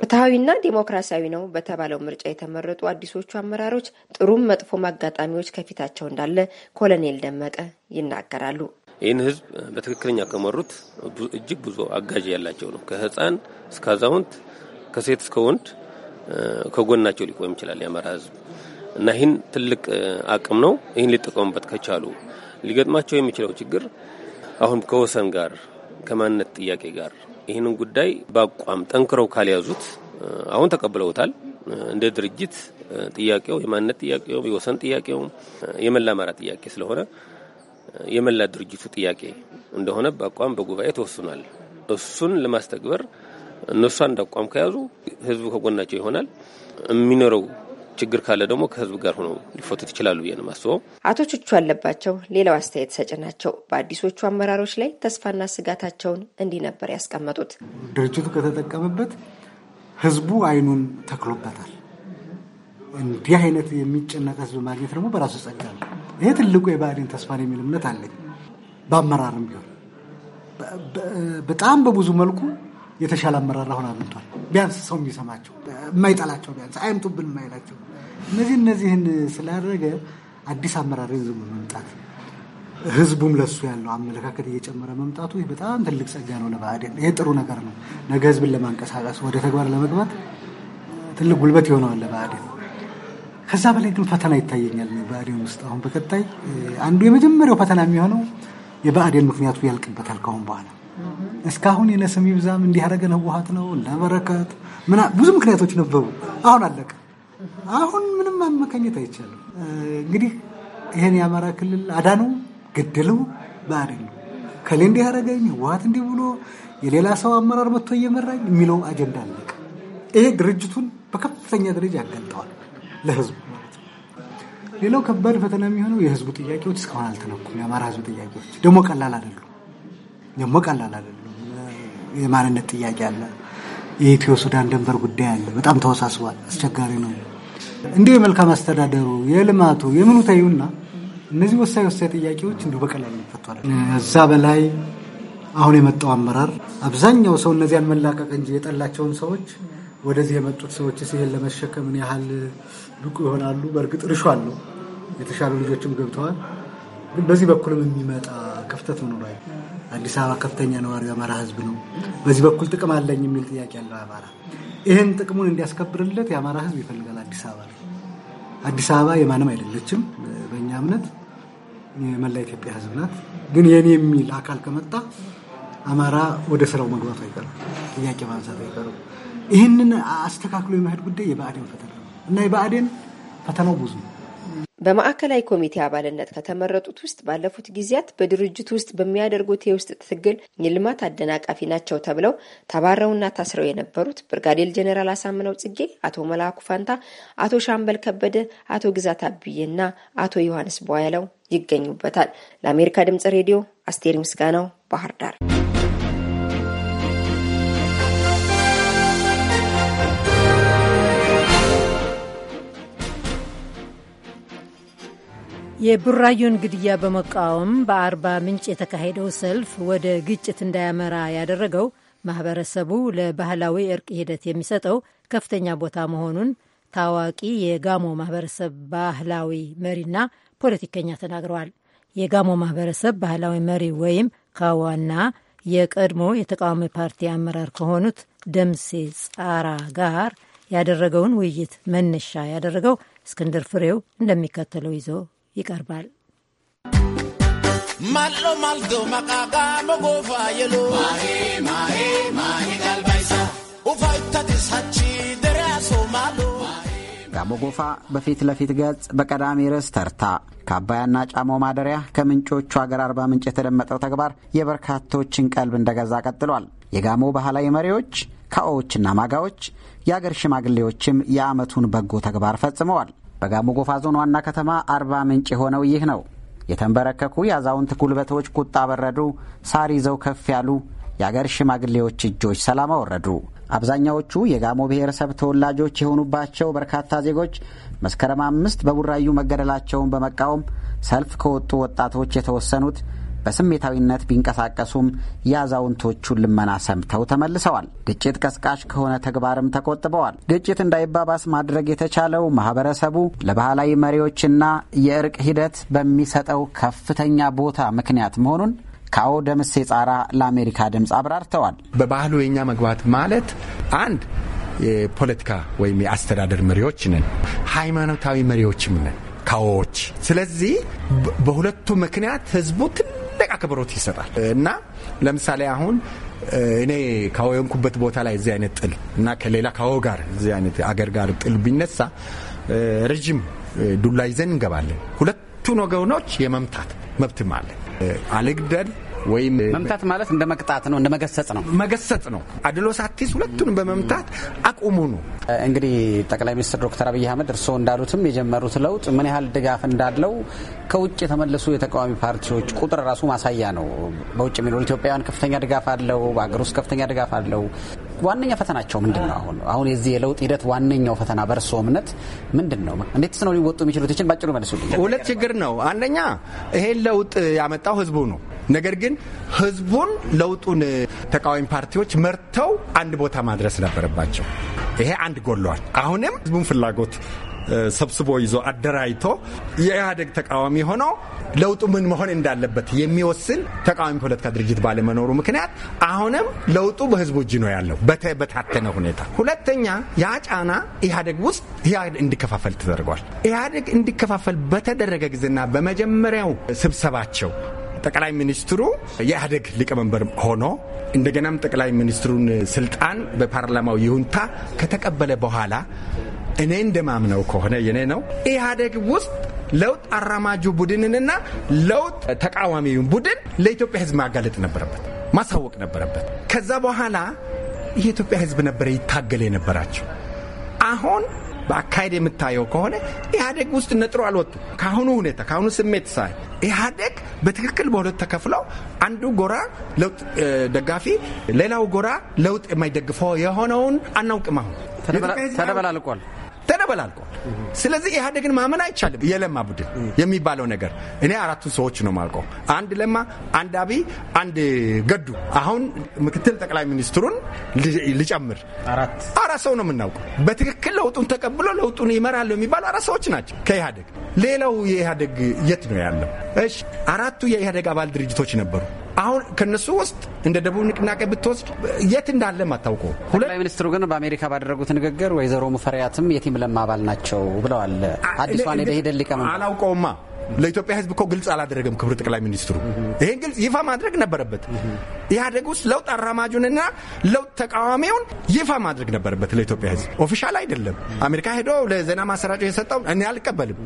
Speaker 8: ፍትሐዊና ዴሞክራሲያዊ ነው በተባለው ምርጫ የተመረጡ አዲሶቹ አመራሮች ጥሩም መጥፎ አጋጣሚዎች ከፊታቸው እንዳለ ኮሎኔል ደመቀ ይናገራሉ።
Speaker 9: ይህን ህዝብ በትክክለኛ ከመሩት እጅግ ብዙ አጋዥ ያላቸው ነው። ከህፃን እስከ አዛውንት፣ ከሴት እስከ ወንድ ከጎናቸው ሊቆም ይችላል የአማራ ህዝብ እና ይህን ትልቅ አቅም ነው። ይህን ሊጠቀሙበት ከቻሉ ሊገጥማቸው የሚችለው ችግር አሁን ከወሰን ጋር ከማንነት ጥያቄ ጋር ይህንን ጉዳይ በአቋም ጠንክረው ካልያዙት አሁን ተቀብለውታል። እንደ ድርጅት ጥያቄው የማንነት ጥያቄው የወሰን ጥያቄው የመላ አማራ ጥያቄ ስለሆነ የመላ ድርጅቱ ጥያቄ እንደሆነ በአቋም በጉባኤ ተወስኗል። እሱን ለማስተግበር እነሱ አንድ አቋም ከያዙ ህዝቡ ከጎናቸው ይሆናል። የሚኖረው ችግር ካለ ደግሞ ከህዝብ ጋር ሆነው ሊፈቱት ይችላሉ ብዬ ነው የማስበው።
Speaker 8: አቶ ቹቹ አለባቸው ሌላው አስተያየት ሰጭ ናቸው። በአዲሶቹ አመራሮች ላይ ተስፋና ስጋታቸውን እንዲህ ነበር ያስቀመጡት።
Speaker 10: ድርጅቱ ከተጠቀመበት ህዝቡ አይኑን ተክሎበታል። እንዲህ አይነት የሚጨነቅ ህዝብ ማግኘት ደግሞ በራሱ ጸጋ ነው። ይሄ ትልቁ የባህዴን ተስፋን የሚል እምነት አለኝ። በአመራርም ቢሆን በጣም በብዙ መልኩ የተሻለ አመራር አሁን አግኝቷል። ቢያንስ ሰው የሚሰማቸው የማይጠላቸው ቢያንስ አይምጡብን የማይላቸው እነዚህ እነዚህን ስላደረገ አዲስ አመራር ይዞ መምጣት ህዝቡም ለሱ ያለው አመለካከት እየጨመረ መምጣቱ በጣም ትልቅ ጸጋ ነው ለብአዴን። ይሄ ጥሩ ነገር ነው። ነገ ህዝብን ለማንቀሳቀስ ወደ ተግባር ለመግባት ትልቅ ጉልበት ይሆነዋል ለብአዴን። ከዛ በላይ ግን ፈተና ይታየኛል ብአዴን ውስጥ አሁን በቀጣይ አንዱ የመጀመሪያው ፈተና የሚሆነው የብአዴን ምክንያቱ ያልቅበታል ከአሁን በኋላ እስካሁን የነ ስም እንዲያደረገ እንዲያደረገን ነው ለበረከት ምና ብዙ ምክንያቶች ነበሩ። አሁን አለቀ። አሁን ምንም ማመካኘት አይቻልም። እንግዲህ ይህን የአማራ ክልል አዳነው ገደለው በአደል ከሌ እንዲያደረገኝ ህወሀት እንዲህ ብሎ የሌላ ሰው አመራር መጥቶ እየመራኝ የሚለው አጀንዳ አለቀ። ይሄ ድርጅቱን በከፍተኛ ደረጃ ያገልጠዋል ለህዝቡ ማለት ነው። ሌላው ከባድ ፈተና የሚሆነው የህዝቡ ጥያቄዎች እስካሁን አልተነኩም። የአማራ ህዝብ ጥያቄዎች ደግሞ ቀላል አይደሉም። ደግሞ ቀላል አይደለም። የማንነት ጥያቄ አለ። የኢትዮ ሱዳን ድንበር ጉዳይ አለ። በጣም ተወሳስቧል። አስቸጋሪ ነው። እንዲሁ የመልካም አስተዳደሩ የልማቱ የምኑ እነዚህ ወሳኝ ወሳኝ ጥያቄዎች እንዲሁ በቀላል ይፈቷል። እዛ በላይ አሁን የመጣው አመራር አብዛኛው ሰው እነዚያን መላቀቅ እንጂ የጠላቸውን ሰዎች ወደዚህ የመጡት ሰዎች ይሄን ለመሸከም ምን ያህል ብቁ ይሆናሉ? በእርግጥ ርሾ አለው። የተሻሉ ልጆችም ገብተዋል። ግን በዚህ በኩልም የሚመጣ ክፍተት መኖር አዲስ አበባ ከፍተኛ ነዋሪ የአማራ ህዝብ ነው። በዚህ በኩል ጥቅም አለኝ የሚል ጥያቄ ያለው አማራ ይህን ጥቅሙን እንዲያስከብርለት የአማራ ህዝብ ይፈልጋል አዲስ አበባ ላይ። አዲስ አበባ የማንም አይደለችም። በእኛ እምነት የመላ ኢትዮጵያ ህዝብ ናት። ግን የኔ የሚል አካል ከመጣ አማራ ወደ ስራው መግባቱ አይቀርም፣ ጥያቄ ማንሳት አይቀርም። ይህንን አስተካክሎ የመሄድ ጉዳይ የብአዴን ፈተና ነው እና የብአዴን ፈተናው ብዙ ነው።
Speaker 8: በማዕከላዊ ኮሚቴ አባልነት ከተመረጡት ውስጥ ባለፉት ጊዜያት በድርጅት ውስጥ በሚያደርጉት የውስጥ ትግል የልማት አደናቃፊ ናቸው ተብለው ተባረውና ታስረው የነበሩት ብርጋዴር ጄኔራል አሳምነው ጽጌ፣ አቶ መላኩ ፋንታ፣ አቶ ሻምበል ከበደ፣ አቶ ግዛት አብዬና አቶ ዮሐንስ በያለው ይገኙበታል። ለአሜሪካ ድምጽ ሬዲዮ አስቴር ምስጋናው ባህር ዳር።
Speaker 1: የቡራዩን ግድያ በመቃወም በአርባ ምንጭ የተካሄደው ሰልፍ ወደ ግጭት እንዳያመራ ያደረገው ማህበረሰቡ ለባህላዊ እርቅ ሂደት የሚሰጠው ከፍተኛ ቦታ መሆኑን ታዋቂ የጋሞ ማህበረሰብ ባህላዊ መሪና ፖለቲከኛ ተናግረዋል። የጋሞ ማህበረሰብ ባህላዊ መሪ ወይም ካዋና የቀድሞ የተቃዋሚ ፓርቲ አመራር ከሆኑት ደምሴ ጻራ ጋር ያደረገውን ውይይት መነሻ ያደረገው እስክንድር ፍሬው እንደሚከተለው ይዞ ይቀርባል።
Speaker 11: ማሎ ማልዶ መቃቃ መጎፋ የሎ
Speaker 12: ጋሞ ጎፋ በፊት ለፊት ገጽ በቀዳሚ ርዕስ ተርታ ከአባያና ጫሞ ማደሪያ ከምንጮቹ አገር አርባ ምንጭ የተደመጠው ተግባር የበርካቶችን ቀልብ እንደገዛ ቀጥሏል። የጋሞ ባህላዊ መሪዎች ካኦዎችና ማጋዎች፣ የአገር ሽማግሌዎችም የዓመቱን በጎ ተግባር ፈጽመዋል። በጋሞ ጎፋ ዞን ዋና ከተማ አርባ ምንጭ የሆነው ይህ ነው። የተንበረከኩ የአዛውንት ጉልበቶች ቁጣ በረዱ፣ ሳር ይዘው ከፍ ያሉ የአገር ሽማግሌዎች እጆች ሰላም አወረዱ። አብዛኛዎቹ የጋሞ ብሔረሰብ ተወላጆች የሆኑባቸው በርካታ ዜጎች መስከረም አምስት በቡራዩ መገደላቸውን በመቃወም ሰልፍ ከወጡ ወጣቶች የተወሰኑት በስሜታዊነት ቢንቀሳቀሱም የአዛውንቶቹን ልመና ሰምተው ተመልሰዋል። ግጭት ቀስቃሽ ከሆነ ተግባርም ተቆጥበዋል። ግጭት እንዳይባባስ ማድረግ የተቻለው ማህበረሰቡ ለባህላዊ መሪዎችና የእርቅ ሂደት በሚሰጠው ከፍተኛ ቦታ ምክንያት መሆኑን ከአዎ ደምሴ ጻራ ለአሜሪካ ድምፅ አብራርተዋል። በባህሉ የኛ መግባት
Speaker 11: ማለት አንድ የፖለቲካ ወይም የአስተዳደር መሪዎች ነን፣ ሃይማኖታዊ መሪዎችም ነን ካዎች። ስለዚህ በሁለቱ ምክንያት ህዝቡ ትልቅ አክብሮት ይሰጣል እና ለምሳሌ አሁን እኔ ካወየንኩበት ቦታ ላይ እዚህ አይነት ጥል እና ከሌላ ካወ ጋር እዚህ አይነት አገር ጋር ጥል ቢነሳ ረዥም ዱላ ይዘን እንገባለን። ሁለቱን ወገኖች የመምታት መብትም አለ አልግደል ወይም መምታት ማለት እንደ መቅጣት ነው፣ እንደ መገሰጽ ነው። መገሰጽ ነው። አድሎሳቲስ ሁለቱንም በመምታት
Speaker 12: አቁሙ ነው። እንግዲህ ጠቅላይ ሚኒስትር ዶክተር አብይ አህመድ እርስዎ እንዳሉትም የጀመሩት ለውጥ ምን ያህል ድጋፍ እንዳለው ከውጭ የተመለሱ የተቃዋሚ ፓርቲዎች ቁጥር ራሱ ማሳያ ነው። በውጭ የሚኖሩ ኢትዮጵያውያን ከፍተኛ ድጋፍ አለው፣ በሀገር ውስጥ ከፍተኛ ድጋፍ አለው። ዋነኛ ፈተናቸው ምንድን ነው? አሁን አሁን የዚህ የለውጥ ሂደት ዋነኛው ፈተና በእርሶ እምነት ምንድን
Speaker 11: ነው? እንዴትስ ነው ሊወጡ የሚችሉት? ይችል ባጭሩ መልሱልኝ። ሁለት ችግር ነው። አንደኛ ይሄን ለውጥ ያመጣው ህዝቡ ነው። ነገር ግን ህዝቡን ለውጡን ተቃዋሚ ፓርቲዎች መርተው አንድ ቦታ ማድረስ ነበረባቸው። ይሄ አንድ ጎሏል። አሁንም ህዝቡን ፍላጎት ሰብስቦ ይዞ አደራጅቶ የኢህአዴግ ተቃዋሚ ሆኖ ለውጡ ምን መሆን እንዳለበት የሚወስን ተቃዋሚ ፖለቲካ ድርጅት ባለመኖሩ ምክንያት አሁንም ለውጡ በህዝቡ እጅ ነው ያለው በተበታተነ ሁኔታ። ሁለተኛ ያ ጫና ኢህአዴግ ውስጥ ኢህአዴግ እንዲከፋፈል ተደርጓል። ኢህአዴግ እንዲከፋፈል በተደረገ ጊዜና በመጀመሪያው ስብሰባቸው ጠቅላይ ሚኒስትሩ የኢህአዴግ ሊቀመንበር ሆኖ እንደገናም ጠቅላይ ሚኒስትሩን ስልጣን በፓርላማው ይሁንታ ከተቀበለ በኋላ እኔ እንደማምነው ከሆነ የኔ ነው ኢህአዴግ ውስጥ ለውጥ አራማጁ ቡድንንና ለውጥ ተቃዋሚውን ቡድን ለኢትዮጵያ ህዝብ ማጋለጥ ነበረበት፣ ማሳወቅ ነበረበት። ከዛ በኋላ የኢትዮጵያ ህዝብ ነበረ ይታገል የነበራቸው አሁን በአካሄድ የምታየው ከሆነ ኢህአዴግ ውስጥ ነጥሮ አልወጡ። ከአሁኑ ሁኔታ ከአሁኑ ስሜት ሳይ ኢህአዴግ በትክክል በሁለት ተከፍለው አንዱ ጎራ ለውጥ ደጋፊ፣ ሌላው ጎራ ለውጥ የማይደግፈው የሆነውን አናውቅም። አሁን ተደበላልቋል። ይቀበል አልቋል። ስለዚህ ኢህአዴግን ማመን አይቻልም። የለማ ቡድን የሚባለው ነገር እኔ አራቱ ሰዎች ነው ማልቀው፣ አንድ ለማ፣ አንድ አብይ፣ አንድ ገዱ፣ አሁን ምክትል ጠቅላይ ሚኒስትሩን ልጨምር፣ አራት ሰው ነው የምናውቀው። በትክክል ለውጡን ተቀብሎ ለውጡን ይመራሉ የሚባሉ አራት ሰዎች ናቸው ከኢህአዴግ። ሌላው የኢህአዴግ የት ነው ያለው? እሺ አራቱ የኢህአዴግ አባል ድርጅቶች ነበሩ። አሁን ከነሱ ውስጥ እንደ ደቡብ ንቅናቄ ብትወስድ የት እንዳለ አታውቀው።
Speaker 12: ጠቅላይ ሚኒስትሩ ግን በአሜሪካ ባደረጉት ንግግር ወይዘሮ ሙፈሪያትም ለማ አባል ናቸው ብለዋል።
Speaker 11: አዲሷን የደኢህዴን ሊቀመንበር አላውቀውማ ለኢትዮጵያ ሕዝብ እኮ ግልጽ አላደረገም። ክብር ጠቅላይ ሚኒስትሩ ይህን ግልጽ ይፋ ማድረግ ነበረበት። ኢህአዴግ ውስጥ ለውጥ አራማጁንና ለውጥ ተቃዋሚውን ይፋ ማድረግ ነበረበት ለኢትዮጵያ ሕዝብ። ኦፊሻል አይደለም። አሜሪካ ሄዶ ለዜና ማሰራጫ የሰጠው እኔ አልቀበልም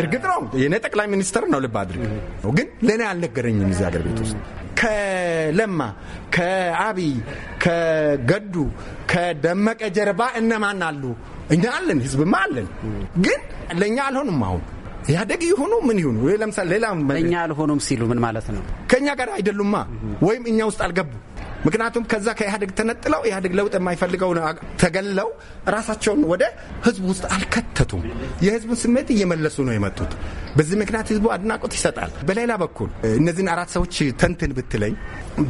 Speaker 11: እርግጥ ነው የእኔ ጠቅላይ ሚኒስትር ነው ልብ አድርግ ነው፣ ግን ለእኔ አልነገረኝም። እዚህ ሀገር ቤት ውስጥ ከለማ ከአብይ ከገዱ ከደመቀ ጀርባ እነማን አሉ? እኛ አለን፣ ህዝብማ አለን፣ ግን ለእኛ አልሆኑም አሁን ኢህአዴግ ይሁኑ ምን ይሁኑ፣ ለምሳሌ ሌላ እኛ አልሆኑም ሲሉ ምን ማለት ነው? ከእኛ ጋር አይደሉማ፣ ወይም እኛ ውስጥ አልገቡ ምክንያቱም ከዛ ከኢህአዴግ ተነጥለው ኢህአዴግ ለውጥ የማይፈልገው ተገለው ራሳቸውን ወደ ህዝብ ውስጥ አልከተቱም። የህዝቡን ስሜት እየመለሱ ነው የመጡት። በዚህ ምክንያት ህዝቡ አድናቆት ይሰጣል። በሌላ በኩል እነዚህን አራት ሰዎች ተንትን ብትለኝ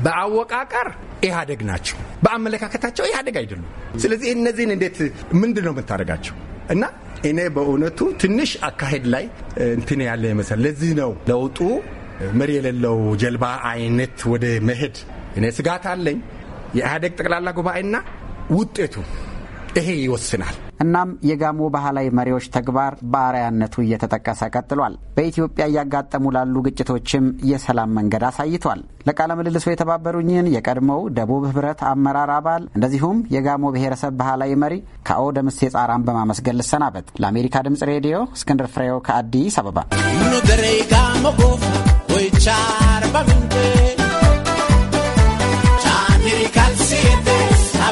Speaker 11: በአወቃቀር ኢህአዴግ ናቸው፣ በአመለካከታቸው ኢህአዴግ አይደሉም። ስለዚህ እነዚህን እንዴት ምንድን ነው የምታደርጋቸው? እና እኔ በእውነቱ ትንሽ አካሄድ ላይ እንትን ያለ ይመስላል። ለዚህ ነው ለውጡ መሪ የሌለው ጀልባ አይነት ወደ መሄድ እኔ ስጋት አለኝ የኢህአዴግ ጠቅላላ ጉባኤና ውጤቱ ይሄ ይወስናል።
Speaker 12: እናም የጋሞ ባህላዊ መሪዎች ተግባር በአርአያነቱ እየተጠቀሰ ቀጥሏል። በኢትዮጵያ እያጋጠሙ ላሉ ግጭቶችም የሰላም መንገድ አሳይቷል። ለቃለ ምልልሱ የተባበሩኝን የቀድሞው ደቡብ ህብረት አመራር አባል እንደዚሁም የጋሞ ብሔረሰብ ባህላዊ መሪ ከአዎ ደምስ የጻራን በማመስገን ልሰናበት። ለአሜሪካ ድምጽ ሬዲዮ እስክንድር ፍሬው ከአዲስ አበባ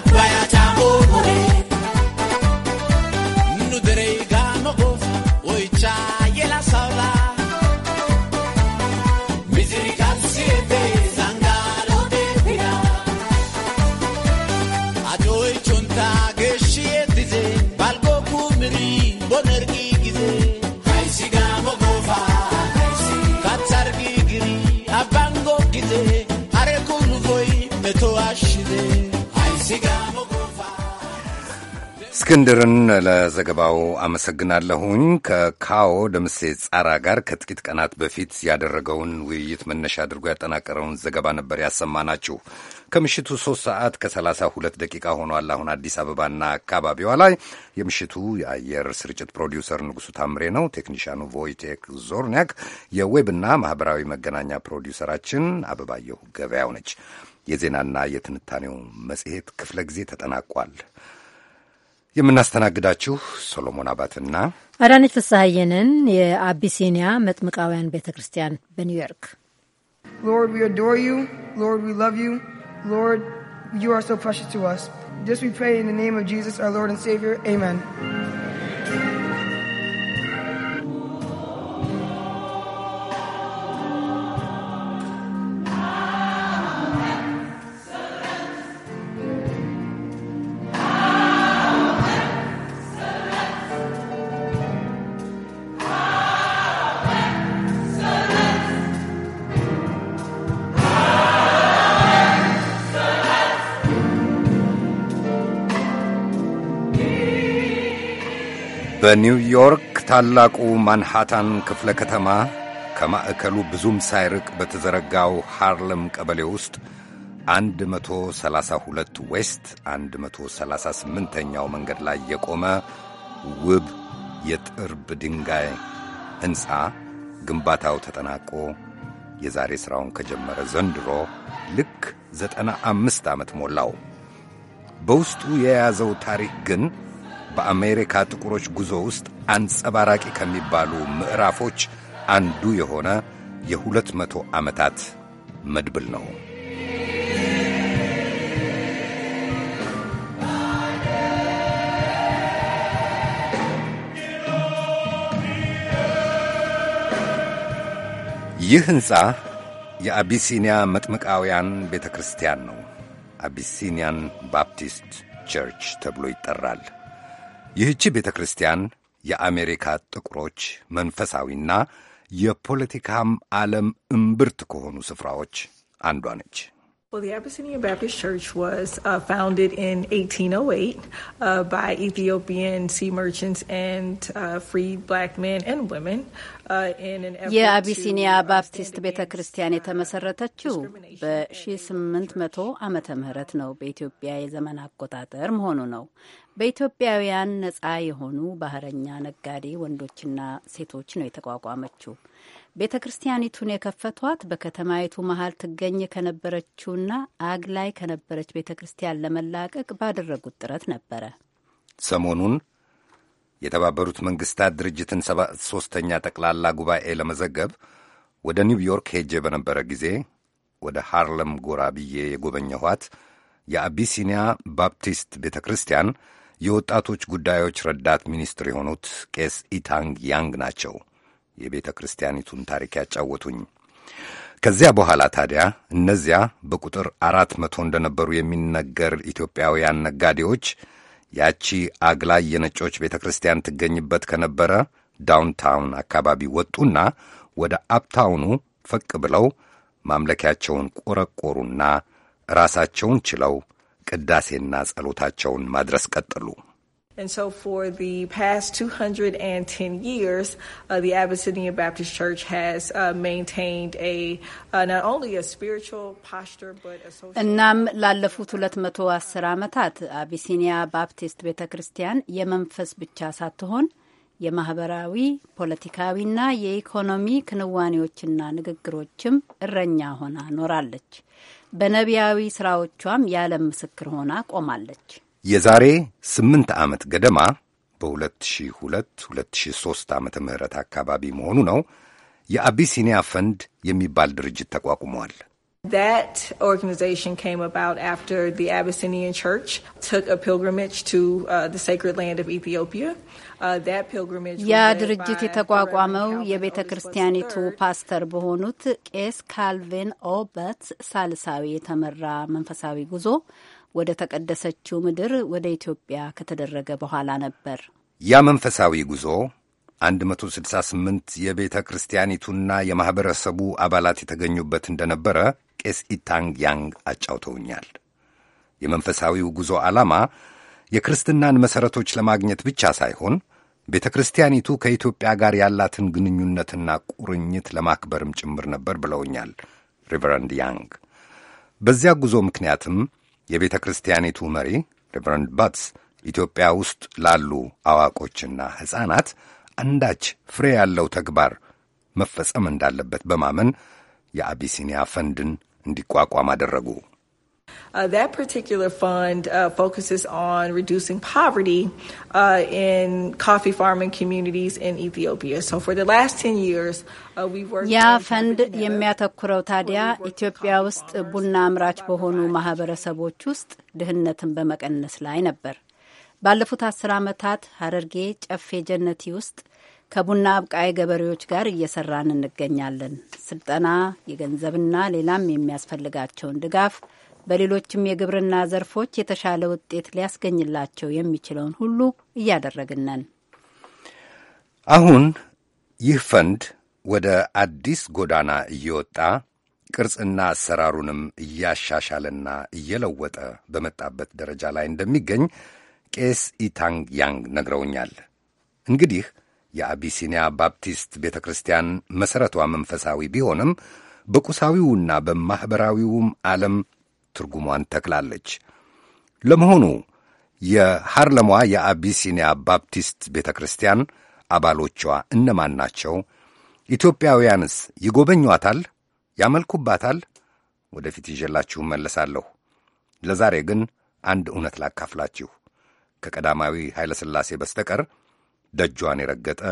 Speaker 11: Papaya.
Speaker 2: እስክንድርን ለዘገባው አመሰግናለሁኝ። ከካዎ ደምሴ ጻራ ጋር ከጥቂት ቀናት በፊት ያደረገውን ውይይት መነሻ አድርጎ ያጠናቀረውን ዘገባ ነበር ያሰማናችሁ። ከምሽቱ ሶስት ሰዓት ከሰላሳ ሁለት ደቂቃ ሆኗል። አሁን አዲስ አበባና አካባቢዋ ላይ የምሽቱ የአየር ስርጭት ፕሮዲውሰር ንጉሱ ታምሬ ነው። ቴክኒሻኑ ቮይቴክ ዞርኒያክ፣ የዌብና ማህበራዊ መገናኛ ፕሮዲውሰራችን አበባየሁ ገበያው ነች። የዜናና የትንታኔው መጽሔት ክፍለ ጊዜ ተጠናቋል። Lord, we adore you.
Speaker 13: Lord, we love you. Lord, you are so precious to us. This we pray in the name of Jesus, our Lord and Savior. Amen.
Speaker 2: በኒውዮርክ ታላቁ ማንሃታን ክፍለ ከተማ ከማዕከሉ ብዙም ሳይርቅ በተዘረጋው ሃርለም ቀበሌ ውስጥ 132 ዌስት 138ኛው መንገድ ላይ የቆመ ውብ የጥርብ ድንጋይ ሕንፃ ግንባታው ተጠናቆ የዛሬ ሥራውን ከጀመረ ዘንድሮ ልክ ዘጠና አምስት ዓመት ሞላው። በውስጡ የያዘው ታሪክ ግን በአሜሪካ ጥቁሮች ጉዞ ውስጥ አንጸባራቂ ከሚባሉ ምዕራፎች አንዱ የሆነ የሁለት መቶ ዓመታት መድብል ነው። ይህ ሕንፃ የአቢሲኒያ መጥምቃውያን ቤተ ክርስቲያን ነው። አቢሲኒያን ባፕቲስት ቸርች ተብሎ ይጠራል። ይህቺ ቤተ ክርስቲያን የአሜሪካ ጥቁሮች መንፈሳዊና የፖለቲካም ዓለም እምብርት ከሆኑ ስፍራዎች አንዷ ነች።
Speaker 13: Well, the Abyssinian Baptist Church was uh, founded in 1808 uh, by Ethiopian sea merchants and uh, freed black men and women. Uh, የአቢሲኒያ
Speaker 5: ባፕቲስት ቤተ ክርስቲያን የተመሰረተችው በ1800 ዓመተ ምህረት ነው። በኢትዮጵያ የዘመን አቆጣጠር መሆኑ ነው። በኢትዮጵያውያን ነጻ የሆኑ ባህረኛ ነጋዴ ወንዶችና ሴቶች ነው የተቋቋመችው። ቤተ ክርስቲያኒቱን የከፈቷት በከተማይቱ መሀል ትገኝ ከነበረችውና አግላይ ከነበረች ቤተ ክርስቲያን ለመላቀቅ ባደረጉት ጥረት ነበረ።
Speaker 2: ሰሞኑን የተባበሩት መንግስታት ድርጅትን ሰባ ሶስተኛ ጠቅላላ ጉባኤ ለመዘገብ ወደ ኒውዮርክ ሄጄ በነበረ ጊዜ ወደ ሃርለም ጎራ ብዬ የጎበኘኋት የአቢሲኒያ ባፕቲስት ቤተ ክርስቲያን የወጣቶች ጉዳዮች ረዳት ሚኒስትር የሆኑት ቄስ ኢታንግ ያንግ ናቸው። የቤተ ክርስቲያኒቱን ታሪክ ያጫወቱኝ። ከዚያ በኋላ ታዲያ እነዚያ በቁጥር አራት መቶ እንደነበሩ የሚነገር ኢትዮጵያውያን ነጋዴዎች ያቺ አግላይ የነጮች ቤተ ክርስቲያን ትገኝበት ከነበረ ዳውንታውን አካባቢ ወጡና ወደ አፕታውኑ ፈቅ ብለው ማምለኪያቸውን ቆረቆሩና ራሳቸውን ችለው ቅዳሴና ጸሎታቸውን ማድረስ ቀጠሉ።
Speaker 13: And so for the past 210 years, uh, the Abyssinian Baptist Church has uh, maintained a, uh, not only a spiritual posture, but a social... እናም
Speaker 5: ላለፉት 210 ዓመታት አቢሲኒያ ባፕቲስት ቤተ ክርስቲያን የመንፈስ ብቻ ሳትሆን የማህበራዊ ፖለቲካዊና የኢኮኖሚ ክንዋኔዎችና ንግግሮችም እረኛ ሆና ኖራለች። በነቢያዊ ስራዎቿም የዓለም ምስክር ሆና
Speaker 2: ቆማለች። የዛሬ ስምንት ዓመት ገደማ በ2002 2003 ዓመተ አካባቢ መሆኑ ነው። የአቢሲኒያ ፈንድ የሚባል ድርጅት ተቋቁሟል።
Speaker 13: ያ ድርጅት
Speaker 5: የተቋቋመው የቤተ ክርስቲያኒቱ ፓስተር በሆኑት ቄስ ካልቪን ኦበት ሳልሳዊ የተመራ መንፈሳዊ ጉዞ ወደ ተቀደሰችው ምድር ወደ ኢትዮጵያ ከተደረገ በኋላ ነበር።
Speaker 2: ያ መንፈሳዊ ጉዞ 168 የቤተ ክርስቲያኒቱና የማኅበረሰቡ አባላት የተገኙበት እንደነበረ ቄስ ኢታንግ ያንግ አጫውተውኛል። የመንፈሳዊው ጉዞ ዓላማ የክርስትናን መሠረቶች ለማግኘት ብቻ ሳይሆን ቤተ ክርስቲያኒቱ ከኢትዮጵያ ጋር ያላትን ግንኙነትና ቁርኝት ለማክበርም ጭምር ነበር ብለውኛል ሪቨረንድ ያንግ። በዚያ ጉዞ ምክንያትም የቤተ ክርስቲያኒቱ መሪ ሬቨረንድ ባትስ ኢትዮጵያ ውስጥ ላሉ አዋቆችና ሕፃናት አንዳች ፍሬ ያለው ተግባር መፈጸም እንዳለበት በማመን የአቢሲኒያ ፈንድን እንዲቋቋም አደረጉ።
Speaker 13: Uh, that particular fund uh, focuses on reducing poverty uh, in coffee farming communities
Speaker 5: in Ethiopia. So for the last 10 years, ያ ፈንድ የሚያተኩረው ታዲያ ኢትዮጵያ ውስጥ ቡና አምራች በሆኑ ማህበረሰቦች ውስጥ ድህነትን በመቀነስ ላይ ነበር። ባለፉት አስር ዓመታት ሀረርጌ ጨፌ ጀነቲ ውስጥ ከቡና አብቃይ ገበሬዎች ጋር እየሰራን እንገኛለን። ስልጠና፣ የገንዘብና ሌላም የሚያስፈልጋቸውን ድጋፍ በሌሎችም የግብርና ዘርፎች የተሻለ ውጤት ሊያስገኝላቸው የሚችለውን ሁሉ እያደረግን
Speaker 2: አሁን ይህ ፈንድ ወደ አዲስ ጎዳና እየወጣ ቅርጽና አሰራሩንም እያሻሻለና እየለወጠ በመጣበት ደረጃ ላይ እንደሚገኝ ቄስ ኢታንግ ያንግ ነግረውኛል። እንግዲህ የአቢሲኒያ ባፕቲስት ቤተ ክርስቲያን መሠረቷ መንፈሳዊ ቢሆንም በቁሳዊውና በማኅበራዊውም ዓለም ትርጉሟን ተክላለች። ለመሆኑ የሐርለሟ የአቢሲኒያ ባፕቲስት ቤተ ክርስቲያን አባሎቿ እነማን ናቸው? ኢትዮጵያውያንስ ይጎበኟታል? ያመልኩባታል? ወደፊት ይዤላችሁ መለሳለሁ። ለዛሬ ግን አንድ እውነት ላካፍላችሁ። ከቀዳማዊ ኃይለ ሥላሴ በስተቀር ደጇን የረገጠ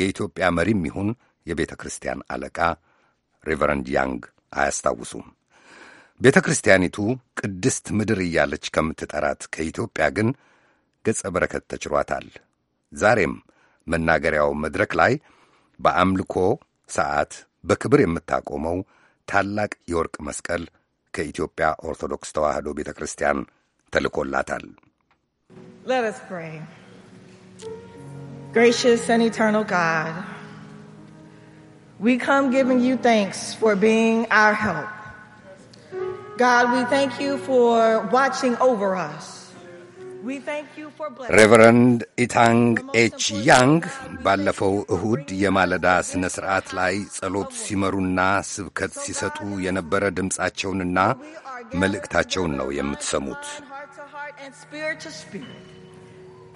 Speaker 2: የኢትዮጵያ መሪም ይሁን የቤተ ክርስቲያን አለቃ ሬቨረንድ ያንግ አያስታውሱም። ቤተ ክርስቲያኒቱ ቅድስት ምድር እያለች ከምትጠራት ከኢትዮጵያ ግን ገጸ በረከት ተችሯታል። ዛሬም መናገሪያው መድረክ ላይ በአምልኮ ሰዓት በክብር የምታቆመው ታላቅ የወርቅ መስቀል ከኢትዮጵያ ኦርቶዶክስ ተዋሕዶ ቤተ ክርስቲያን ተልኮላታል።
Speaker 13: Gracious and eternal God, we come giving you thanks for being our help. God, we thank you for watching over us. We
Speaker 2: thank you for blessing. Reverend Itang H. Young, ባለፈው እሁድ የማለዳ ስነ ሥርዓት ላይ ጸሎት ሲመሩና ስብከት ሲሰጡ የነበረ ድምፃቸውንና መልእክታቸውን ነው የምትሰሙት።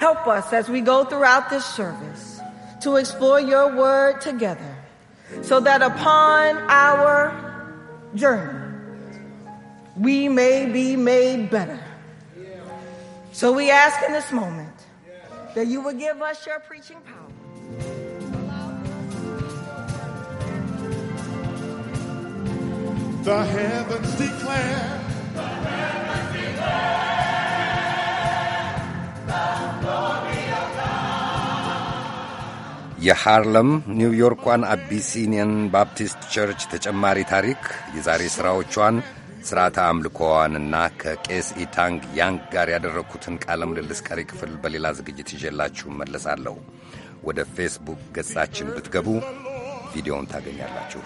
Speaker 13: Help us as we go throughout this service to explore your word together so that upon our journey we may be made better. So we ask in this moment that you would give us your preaching power. The heavens declare. The heavens
Speaker 8: declare. The glory of God.
Speaker 2: የሃርለም ኒውዮርኳን አቢሲኒየን ባፕቲስት ቸርች ተጨማሪ ታሪክ የዛሬ ሥራዎቿን ስርዓተ አምልኮዋንና ከቄስ ኢታንግ ያንግ ጋር ያደረግኩትን ቃለ ምልልስ ቀሪ ክፍል በሌላ ዝግጅት ይዤላችሁ መለሳለሁ። ወደ ፌስቡክ ገጻችን ብትገቡ ቪዲዮውን ታገኛላችሁ።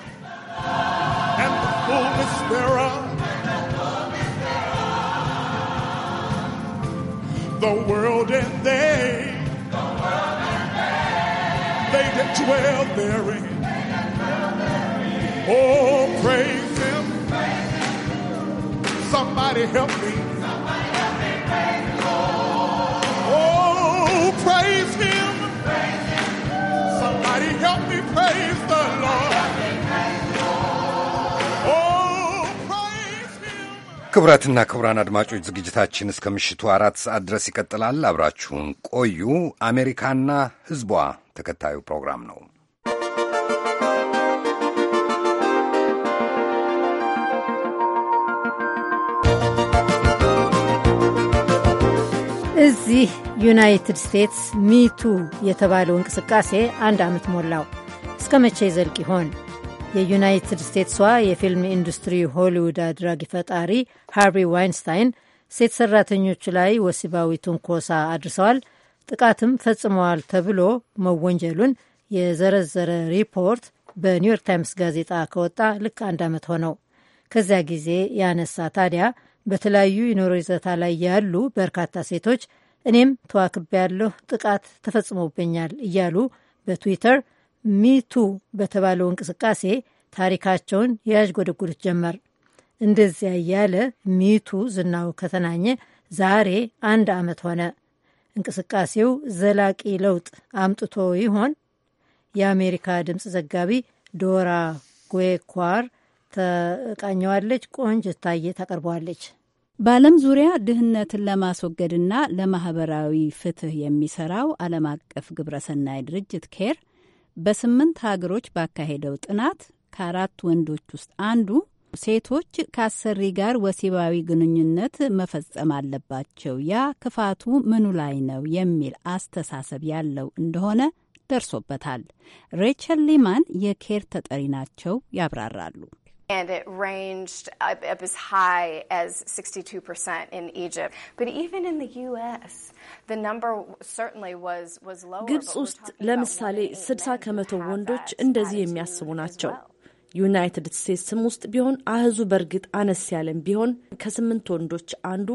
Speaker 5: The world and they,
Speaker 8: they that dwell therein. Oh, praise Somebody help me. Oh, praise
Speaker 2: ክቡራን አድማጮች ዝግጅታችን እስከ ምሽቱ አራት ሰዓት ድረስ ይቀጥላል። አብራችሁን ቆዩ። አሜሪካና ህዝቧ ተከታዩ ፕሮግራም ነው።
Speaker 1: እዚህ ዩናይትድ ስቴትስ ሚቱ የተባለው እንቅስቃሴ አንድ ዓመት ሞላው። እስከ መቼ ይዘልቅ ይሆን? የዩናይትድ ስቴትስዋ የፊልም ኢንዱስትሪ ሆሊውድ አድራጊ ፈጣሪ ሃርቪ ዋይንስታይን ሴት ሰራተኞች ላይ ወሲባዊ ትንኮሳ አድርሰዋል፣ ጥቃትም ፈጽመዋል ተብሎ መወንጀሉን የዘረዘረ ሪፖርት በኒውዮርክ ታይምስ ጋዜጣ ከወጣ ልክ አንድ ዓመት ሆነው። ከዚያ ጊዜ ያነሳ ታዲያ በተለያዩ የኑሮ ይዘታ ላይ ያሉ በርካታ ሴቶች እኔም ያለሁ ጥቃት ተፈጽሞብኛል እያሉ በትዊተር ሚቱ በተባለው እንቅስቃሴ ታሪካቸውን ያዥጎደጉዱት ጀመር። እንደዚያ እያለ ሚቱ ዝናው ከተናኘ ዛሬ አንድ ዓመት ሆነ። እንቅስቃሴው ዘላቂ ለውጥ አምጥቶ ይሆን? የአሜሪካ ድምፅ ዘጋቢ ዶራ ጉኳር ተቃኘዋለች። ቆንጅ ታየ ታቀርበዋለች። በዓለም ዙሪያ ድህነትን ለማስወገድና
Speaker 5: ለማህበራዊ ፍትህ የሚሰራው ዓለም አቀፍ ግብረሰናይ ድርጅት ኬር በስምንት ሀገሮች ባካሄደው ጥናት ከአራት ወንዶች ውስጥ አንዱ ሴቶች ከአሰሪ ጋር ወሲባዊ ግንኙነት መፈጸም አለባቸው፣ ያ ክፋቱ ምኑ ላይ ነው የሚል አስተሳሰብ ያለው እንደሆነ ደርሶበታል። ሬቸል ሊማን የኬር ተጠሪ ናቸው፣ ያብራራሉ።
Speaker 8: and it ranged up, up as high as 62% in Egypt. But even in the U.S., the number certainly was, was lower.
Speaker 6: ውስጥ ለምሳሌ 60 ከመቶ ወንዶች እንደዚህ የሚያስቡ ናቸው። ዩናይትድ ስቴትስም ውስጥ ቢሆን አህዙ በእርግጥ አነስ ያለም ቢሆን ከስምንት ወንዶች አንዱ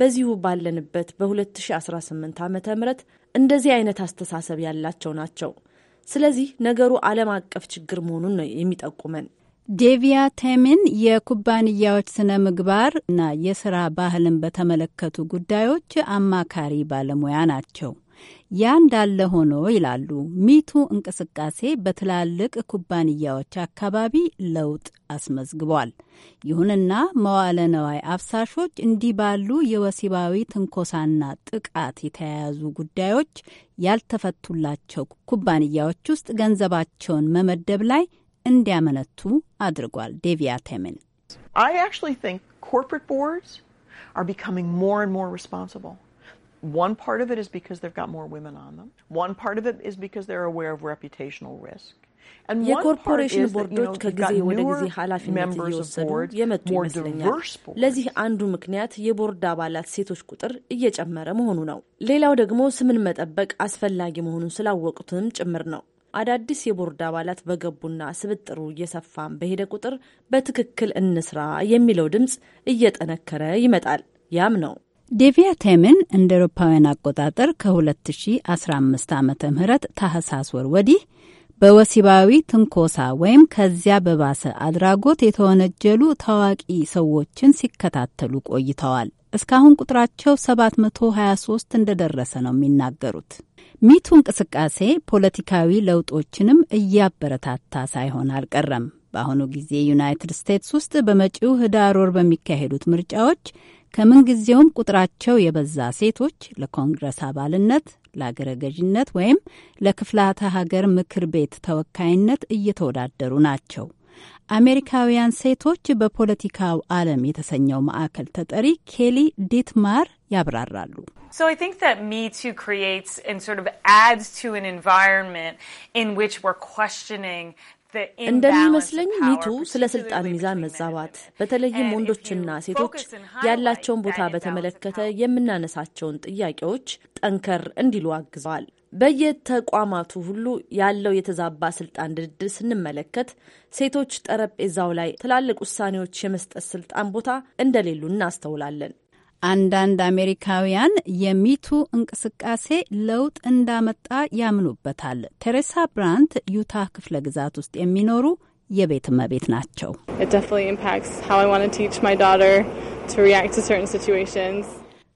Speaker 6: በዚሁ ባለንበት በ2018 ዓ ም እንደዚህ አይነት አስተሳሰብ ያላቸው ናቸው። ስለዚህ ነገሩ ዓለም አቀፍ ችግር መሆኑን ነው የሚጠቁመን። ዴቪያ
Speaker 5: ቴሚን የኩባንያዎች ስነ ምግባር እና የስራ ባህልን በተመለከቱ ጉዳዮች አማካሪ ባለሙያ ናቸው። ያ እንዳለ ሆኖ ይላሉ፣ ሚቱ እንቅስቃሴ በትላልቅ ኩባንያዎች አካባቢ ለውጥ አስመዝግቧል። ይሁንና መዋለ ነዋይ አፍሳሾች እንዲህ ባሉ የወሲባዊ ትንኮሳና ጥቃት የተያያዙ ጉዳዮች ያልተፈቱላቸው ኩባንያዎች ውስጥ ገንዘባቸውን መመደብ ላይ እንዲያመነቱ አድርጓል። ዴቪያ ቴምን
Speaker 13: One part of it is because they've got more women on them. One part of it is because they're aware of
Speaker 6: reputational risk. የኮርፖሬሽን ቦርዶች ከጊዜ ወደ ጊዜ ኃላፊነት እየወሰዱ የመጡ ይመስለኛል። ለዚህ አንዱ ምክንያት የቦርድ አባላት ሴቶች ቁጥር እየጨመረ መሆኑ ነው። ሌላው ደግሞ ስምን መጠበቅ አስፈላጊ መሆኑን ስላወቁትም ጭምር ነው። አዳዲስ የቦርድ አባላት በገቡና ስብጥሩ እየሰፋን በሄደ ቁጥር በትክክል እንስራ የሚለው ድምፅ እየጠነከረ ይመጣል። ያም ነው
Speaker 5: ዴቪያ ቴምን እንደ ኤሮፓውያን አቆጣጠር ከ2015 ዓ ም ታህሳስ ወር ወዲህ በወሲባዊ ትንኮሳ ወይም ከዚያ በባሰ አድራጎት የተወነጀሉ ታዋቂ ሰዎችን ሲከታተሉ ቆይተዋል። እስካሁን ቁጥራቸው 723 እንደደረሰ ነው የሚናገሩት። ሚቱ እንቅስቃሴ ፖለቲካዊ ለውጦችንም እያበረታታ ሳይሆን አልቀረም። በአሁኑ ጊዜ ዩናይትድ ስቴትስ ውስጥ በመጪው ህዳር ወር በሚካሄዱት ምርጫዎች ከምንጊዜውም ቁጥራቸው የበዛ ሴቶች ለኮንግረስ አባልነት፣ ለአገረ ገዥነት ወይም ለክፍላተ ሀገር ምክር ቤት ተወካይነት እየተወዳደሩ ናቸው። አሜሪካውያን ሴቶች በፖለቲካው ዓለም የተሰኘው ማዕከል ተጠሪ ኬሊ ዲትማር ያብራራሉ።
Speaker 13: እንደሚመስለኝ
Speaker 6: ሚቱ ስለ ስልጣን ሚዛን መዛባት በተለይም ወንዶችና ሴቶች ያላቸውን ቦታ በተመለከተ የምናነሳቸውን ጥያቄዎች ጠንከር እንዲሉ አግዘዋል። በየተቋማቱ ሁሉ ያለው የተዛባ ስልጣን ድርድር ስንመለከት ሴቶች ጠረጴዛው ላይ ትላልቅ ውሳኔዎች የመስጠት ስልጣን ቦታ እንደሌሉ እናስተውላለን። አንዳንድ አሜሪካውያን
Speaker 5: የሚቱ እንቅስቃሴ ለውጥ እንዳመጣ ያምኑበታል። ቴሬሳ ብራንት ዩታ ክፍለ ግዛት ውስጥ የሚኖሩ የቤት እመቤት ናቸው።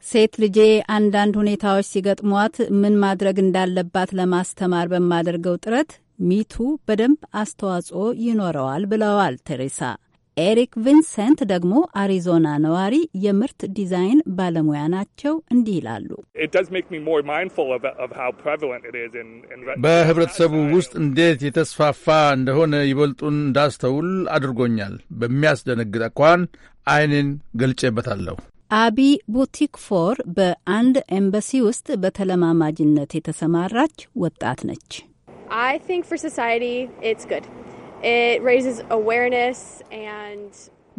Speaker 5: ሴት ልጄ አንዳንድ ሁኔታዎች ሲገጥሟት ምን ማድረግ እንዳለባት ለማስተማር በማደርገው ጥረት ሚቱ በደንብ አስተዋጽኦ ይኖረዋል ብለዋል ቴሬሳ። ኤሪክ ቪንሰንት ደግሞ አሪዞና ነዋሪ የምርት ዲዛይን ባለሙያ ናቸው። እንዲህ
Speaker 11: ይላሉ። በህብረተሰቡ ውስጥ እንዴት የተስፋፋ እንደሆነ ይበልጡን እንዳስተውል አድርጎኛል። በሚያስደነግጥ አኳኋን አይኔን ገልጬበታለሁ።
Speaker 5: አቢ ቡቲክፎር በአንድ ኤምባሲ ውስጥ በተለማማጅነት የተሰማራች ወጣት ነች።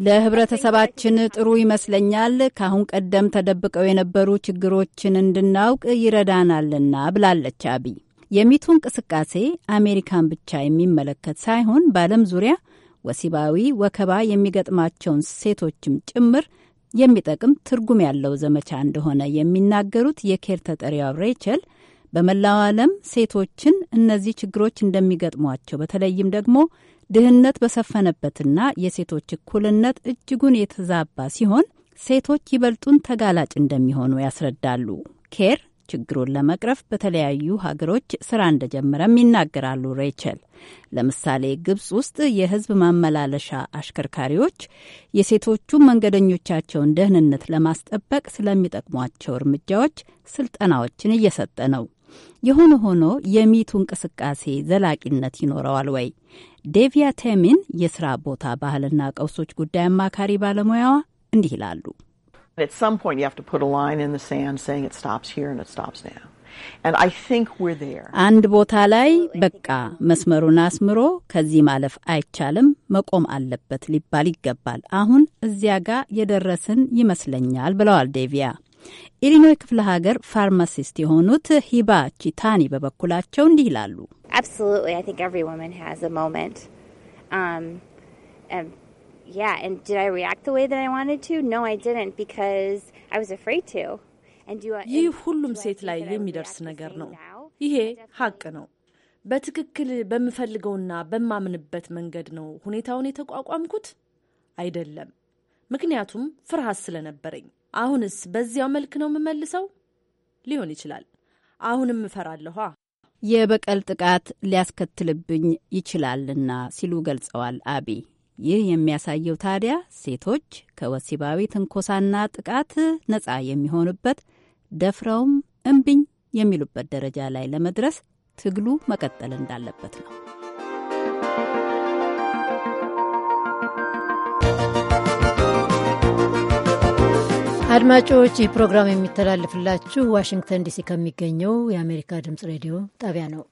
Speaker 5: ለህብረተሰባችን ጥሩ ይመስለኛል። ከአሁን ቀደም ተደብቀው የነበሩ ችግሮችን እንድናውቅ ይረዳናልና ብላለች አቢ። የሚቱ እንቅስቃሴ አሜሪካን ብቻ የሚመለከት ሳይሆን በዓለም ዙሪያ ወሲባዊ ወከባ የሚገጥማቸውን ሴቶችም ጭምር የሚጠቅም ትርጉም ያለው ዘመቻ እንደሆነ የሚናገሩት የኬር ተጠሪዋ ሬቸል በመላው ዓለም ሴቶችን እነዚህ ችግሮች እንደሚገጥሟቸው በተለይም ደግሞ ድህነት በሰፈነበትና የሴቶች እኩልነት እጅጉን የተዛባ ሲሆን ሴቶች ይበልጡን ተጋላጭ እንደሚሆኑ ያስረዳሉ። ኬር ችግሩን ለመቅረፍ በተለያዩ ሀገሮች ስራ እንደጀመረም ይናገራሉ ሬቸል። ለምሳሌ ግብጽ ውስጥ የህዝብ ማመላለሻ አሽከርካሪዎች የሴቶቹ መንገደኞቻቸውን ደህንነት ለማስጠበቅ ስለሚጠቅሟቸው እርምጃዎች ስልጠናዎችን እየሰጠ ነው። የሆነ ሆኖ የሚቱ እንቅስቃሴ ዘላቂነት ይኖረዋል ወይ? ዴቪያ ቴሚን የስራ ቦታ ባህልና ቀውሶች ጉዳይ አማካሪ ባለሙያዋ እንዲህ ይላሉ። At some point, you have to put a line in the sand saying it stops here and it stops now. አንድ ቦታ ላይ በቃ መስመሩን አስምሮ ከዚህ ማለፍ አይቻልም መቆም አለበት ሊባል ይገባል። አሁን እዚያ ጋር የደረስን ይመስለኛል ብለዋል ዴቪያ። ኢሊኖይ ክፍለ ሀገር ፋርማሲስት የሆኑት ሂባ ቺታኒ በበኩላቸው እንዲህ ይላሉ። Yeah, and did I react the way that I wanted to? No, I didn't because I was afraid to. And do
Speaker 6: I, ይህ ሁሉም ሴት ላይ የሚደርስ ነገር ነው። ይሄ ሀቅ ነው። በትክክል በምፈልገውና በማምንበት መንገድ ነው ሁኔታውን የተቋቋምኩት አይደለም፣ ምክንያቱም ፍርሃት ስለነበረኝ። አሁንስ በዚያው መልክ ነው የምመልሰው ሊሆን ይችላል። አሁንም እፈራለሁ
Speaker 5: የበቀል ጥቃት ሊያስከትልብኝ ይችላልና ሲሉ ገልጸዋል አቢ ይህ የሚያሳየው ታዲያ ሴቶች ከወሲባዊ ትንኮሳና ጥቃት ነጻ የሚሆኑበት ደፍረውም እምቢኝ የሚሉበት ደረጃ ላይ ለመድረስ ትግሉ መቀጠል እንዳለበት ነው።
Speaker 1: አድማጮች ይህ ፕሮግራም የሚተላለፍላችሁ ዋሽንግተን ዲሲ ከሚገኘው የአሜሪካ ድምፅ ሬዲዮ ጣቢያ ነው።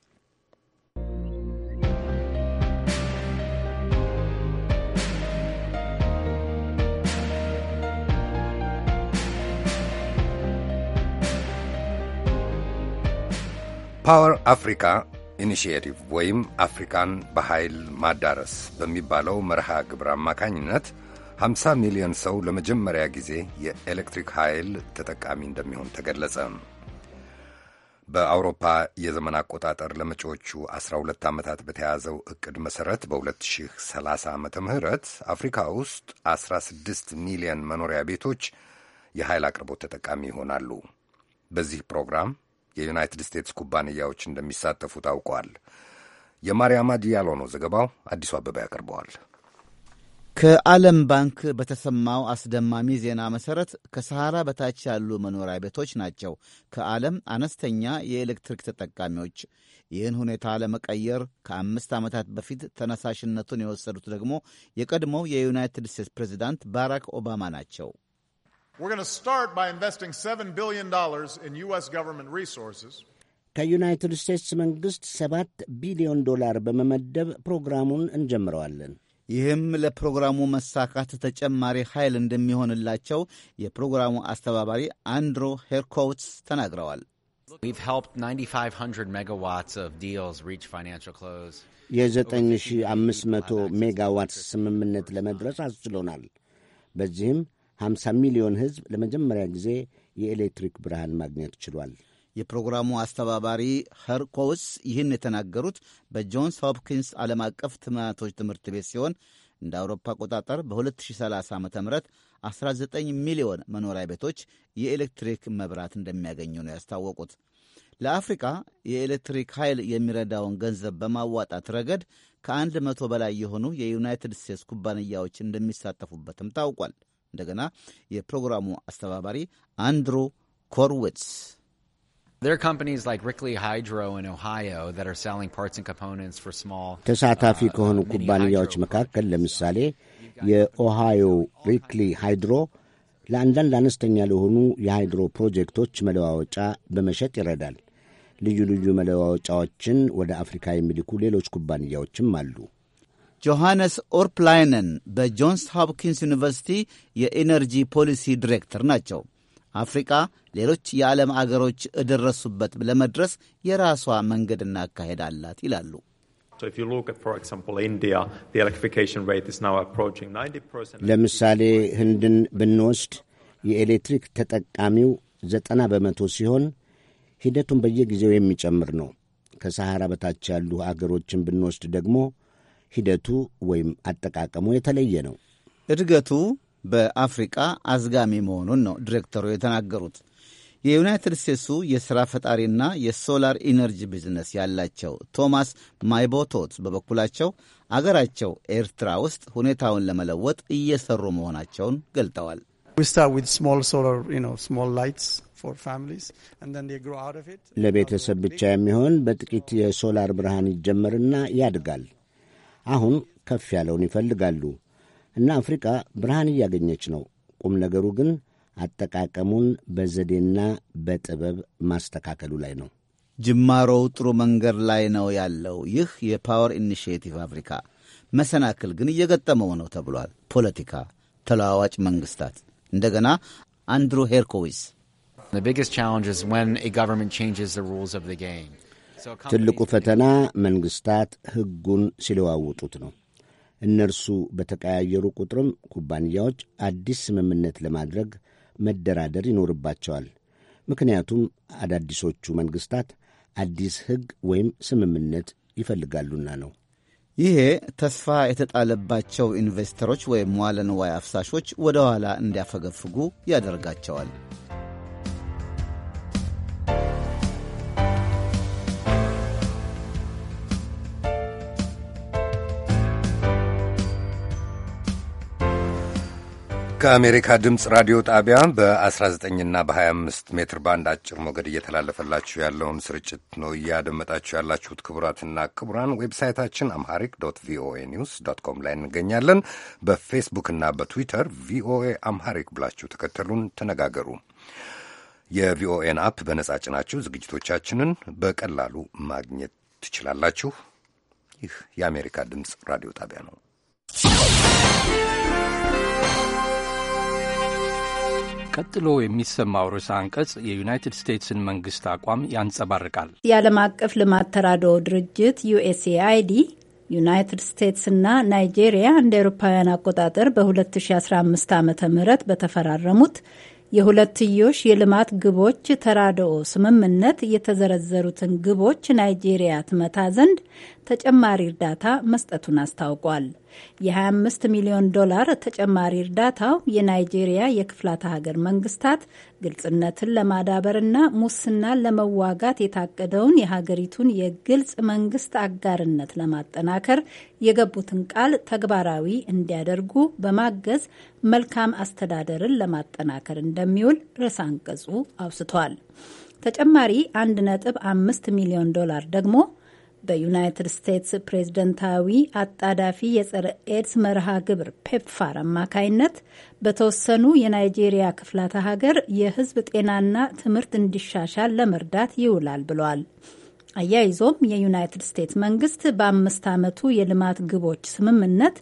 Speaker 2: ፓወር አፍሪካ ኢኒሺየቲቭ ወይም አፍሪካን በኃይል ማዳረስ በሚባለው መርሃ ግብር አማካኝነት 50 ሚሊዮን ሰው ለመጀመሪያ ጊዜ የኤሌክትሪክ ኃይል ተጠቃሚ እንደሚሆን ተገለጸ። በአውሮፓ የዘመን አቆጣጠር ለመጪዎቹ 12 ዓመታት በተያዘው ዕቅድ መሠረት በ2030 ዓመተ ምህረት አፍሪካ ውስጥ 16 ሚሊዮን መኖሪያ ቤቶች የኃይል አቅርቦት ተጠቃሚ ይሆናሉ። በዚህ ፕሮግራም የዩናይትድ ስቴትስ ኩባንያዎች እንደሚሳተፉ ታውቋል። የማርያማ ዲያሎ ነው ዘገባው። አዲሱ አበባ ያቀርበዋል።
Speaker 14: ከዓለም ባንክ በተሰማው አስደማሚ ዜና መሠረት ከሰሃራ በታች ያሉ መኖሪያ ቤቶች ናቸው ከዓለም አነስተኛ የኤሌክትሪክ ተጠቃሚዎች። ይህን ሁኔታ ለመቀየር ከአምስት ዓመታት በፊት ተነሳሽነቱን የወሰዱት ደግሞ የቀድሞው የዩናይትድ ስቴትስ ፕሬዚዳንት
Speaker 4: ባራክ ኦባማ ናቸው።
Speaker 14: We're going to start by investing $7 billion in U.S. government resources.
Speaker 4: ከዩናይትድ ስቴትስ መንግሥት ሰባት ቢሊዮን ዶላር በመመደብ ፕሮግራሙን እንጀምረዋለን። ይህም ለፕሮግራሙ መሳካት
Speaker 14: ተጨማሪ ኃይል እንደሚሆንላቸው የፕሮግራሙ አስተባባሪ አንድሮ ሄርኮውትስ ተናግረዋል።
Speaker 4: የ9500 ሜጋዋትስ ስምምነት ለመድረስ አስችሎናል። በዚህም 50 ሚሊዮን ሕዝብ ለመጀመሪያ ጊዜ የኤሌክትሪክ ብርሃን ማግኘት ችሏል።
Speaker 14: የፕሮግራሙ አስተባባሪ ኸርኮውስ ይህን የተናገሩት በጆንስ ሆፕኪንስ ዓለም አቀፍ ትምህርቶች ትምህርት ቤት ሲሆን እንደ አውሮፓ አቆጣጠር በ2030 ዓ ም 19 ሚሊዮን መኖሪያ ቤቶች የኤሌክትሪክ መብራት እንደሚያገኙ ነው ያስታወቁት። ለአፍሪካ የኤሌክትሪክ ኃይል የሚረዳውን ገንዘብ በማዋጣት ረገድ ከአንድ መቶ በላይ የሆኑ የዩናይትድ ስቴትስ ኩባንያዎች እንደሚሳተፉበትም ታውቋል። እንደገና የፕሮግራሙ አስተባባሪ አንድሩ ኮርዊትስ
Speaker 12: uh,
Speaker 4: ተሳታፊ ከሆኑ ኩባንያዎች መካከል ለምሳሌ የኦሃዮ ሪክሊ ሃይድሮ ለአንዳንድ አነስተኛ ለሆኑ የሃይድሮ ፕሮጀክቶች መለዋወጫ በመሸጥ ይረዳል። ልዩ ልዩ መለዋወጫዎችን ወደ አፍሪካ የሚልኩ ሌሎች ኩባንያዎችም አሉ። ጆሐንስ ኦርፕላይነን በጆንስ ሆፕኪንስ
Speaker 14: ዩኒቨርሲቲ የኢነርጂ ፖሊሲ ዲሬክተር ናቸው። አፍሪቃ ሌሎች የዓለም አገሮች እደረሱበት ለመድረስ የራሷ መንገድና አካሄድ አላት ይላሉ።
Speaker 4: ለምሳሌ ህንድን ብንወስድ የኤሌክትሪክ ተጠቃሚው ዘጠና በመቶ ሲሆን ሂደቱን በየጊዜው የሚጨምር ነው። ከሰሐራ በታች ያሉ አገሮችን ብንወስድ ደግሞ ሂደቱ ወይም አጠቃቀሙ የተለየ ነው።
Speaker 14: እድገቱ በአፍሪቃ አዝጋሚ መሆኑን ነው ዲሬክተሩ የተናገሩት። የዩናይትድ ስቴትሱ የሥራ ፈጣሪና የሶላር ኢነርጂ ቢዝነስ ያላቸው ቶማስ ማይቦቶት በበኩላቸው አገራቸው ኤርትራ ውስጥ ሁኔታውን ለመለወጥ እየሰሩ መሆናቸውን ገልጠዋል።
Speaker 4: ለቤተሰብ ብቻ የሚሆን በጥቂት የሶላር ብርሃን ይጀመርና ያድጋል። አሁን ከፍ ያለውን ይፈልጋሉ እና አፍሪቃ ብርሃን እያገኘች ነው። ቁም ነገሩ ግን አጠቃቀሙን በዘዴና በጥበብ ማስተካከሉ ላይ ነው። ጅማሮው ጥሩ መንገድ ላይ ነው ያለው ይህ
Speaker 14: የፓወር ኢኒሽቲቭ አፍሪካ መሰናክል ግን እየገጠመው ነው ተብሏል። ፖለቲካ፣ ተለዋዋጭ መንግስታት። እንደገና አንድሩ ሄርኮዊስ
Speaker 4: ትልቁ ፈተና መንግስታት ሕጉን ሲለዋውጡት ነው። እነርሱ በተቀያየሩ ቁጥርም ኩባንያዎች አዲስ ስምምነት ለማድረግ መደራደር ይኖርባቸዋል። ምክንያቱም አዳዲሶቹ መንግስታት አዲስ ሕግ ወይም ስምምነት ይፈልጋሉና ነው። ይሄ ተስፋ የተጣለባቸው ኢንቨስተሮች ወይም ዋለንዋይ
Speaker 14: አፍሳሾች ወደ ኋላ እንዲያፈገፍጉ ያደርጋቸዋል።
Speaker 2: ከአሜሪካ ድምፅ ራዲዮ ጣቢያ በ19ና በ25 ሜትር ባንድ አጭር ሞገድ እየተላለፈላችሁ ያለውን ስርጭት ነው እያደመጣችሁ ያላችሁት። ክቡራትና ክቡራን ዌብሳይታችን አምሃሪክ ዶት ቪኦኤ ኒውስ ዶት ኮም ላይ እንገኛለን። በፌስቡክና በትዊተር ቪኦኤ አምሃሪክ ብላችሁ ተከተሉን፣ ተነጋገሩ። የቪኦኤን አፕ በነጻ ጭናችሁ ዝግጅቶቻችንን በቀላሉ ማግኘት ትችላላችሁ። ይህ የአሜሪካ ድምፅ ራዲዮ ጣቢያ ነው። ቀጥሎ የሚሰማው ርዕሰ አንቀጽ የዩናይትድ
Speaker 9: ስቴትስን መንግስት አቋም ያንጸባርቃል።
Speaker 5: የዓለም አቀፍ ልማት ተራድኦ ድርጅት ዩኤስኤአይዲ ዩናይትድ ስቴትስና ናይጄሪያ እንደ አውሮፓውያን አቆጣጠር በ2015 ዓ ም በተፈራረሙት የሁለትዮሽ የልማት ግቦች ተራድኦ ስምምነት የተዘረዘሩትን ግቦች ናይጄሪያ ትመታ ዘንድ ተጨማሪ እርዳታ መስጠቱን አስታውቋል። የ25 ሚሊዮን ዶላር ተጨማሪ እርዳታው የናይጄሪያ የክፍላተ ሀገር መንግስታት ግልጽነትን ለማዳበርና ሙስናን ለመዋጋት የታቀደውን የሀገሪቱን የግልጽ መንግስት አጋርነት ለማጠናከር የገቡትን ቃል ተግባራዊ እንዲያደርጉ በማገዝ መልካም አስተዳደርን ለማጠናከር እንደሚውል ርዕሰ አንቀጹ አውስቷል። ተጨማሪ 1.5 ሚሊዮን ዶላር ደግሞ በዩናይትድ ስቴትስ ፕሬዝደንታዊ አጣዳፊ የጸረ ኤድስ መርሃ ግብር ፔፕፋር አማካይነት በተወሰኑ የናይጄሪያ ክፍላተ ሀገር የሕዝብ ጤናና ትምህርት እንዲሻሻል ለመርዳት ይውላል ብሏል። አያይዞም የዩናይትድ ስቴትስ መንግስት በአምስት ዓመቱ የልማት ግቦች ስምምነት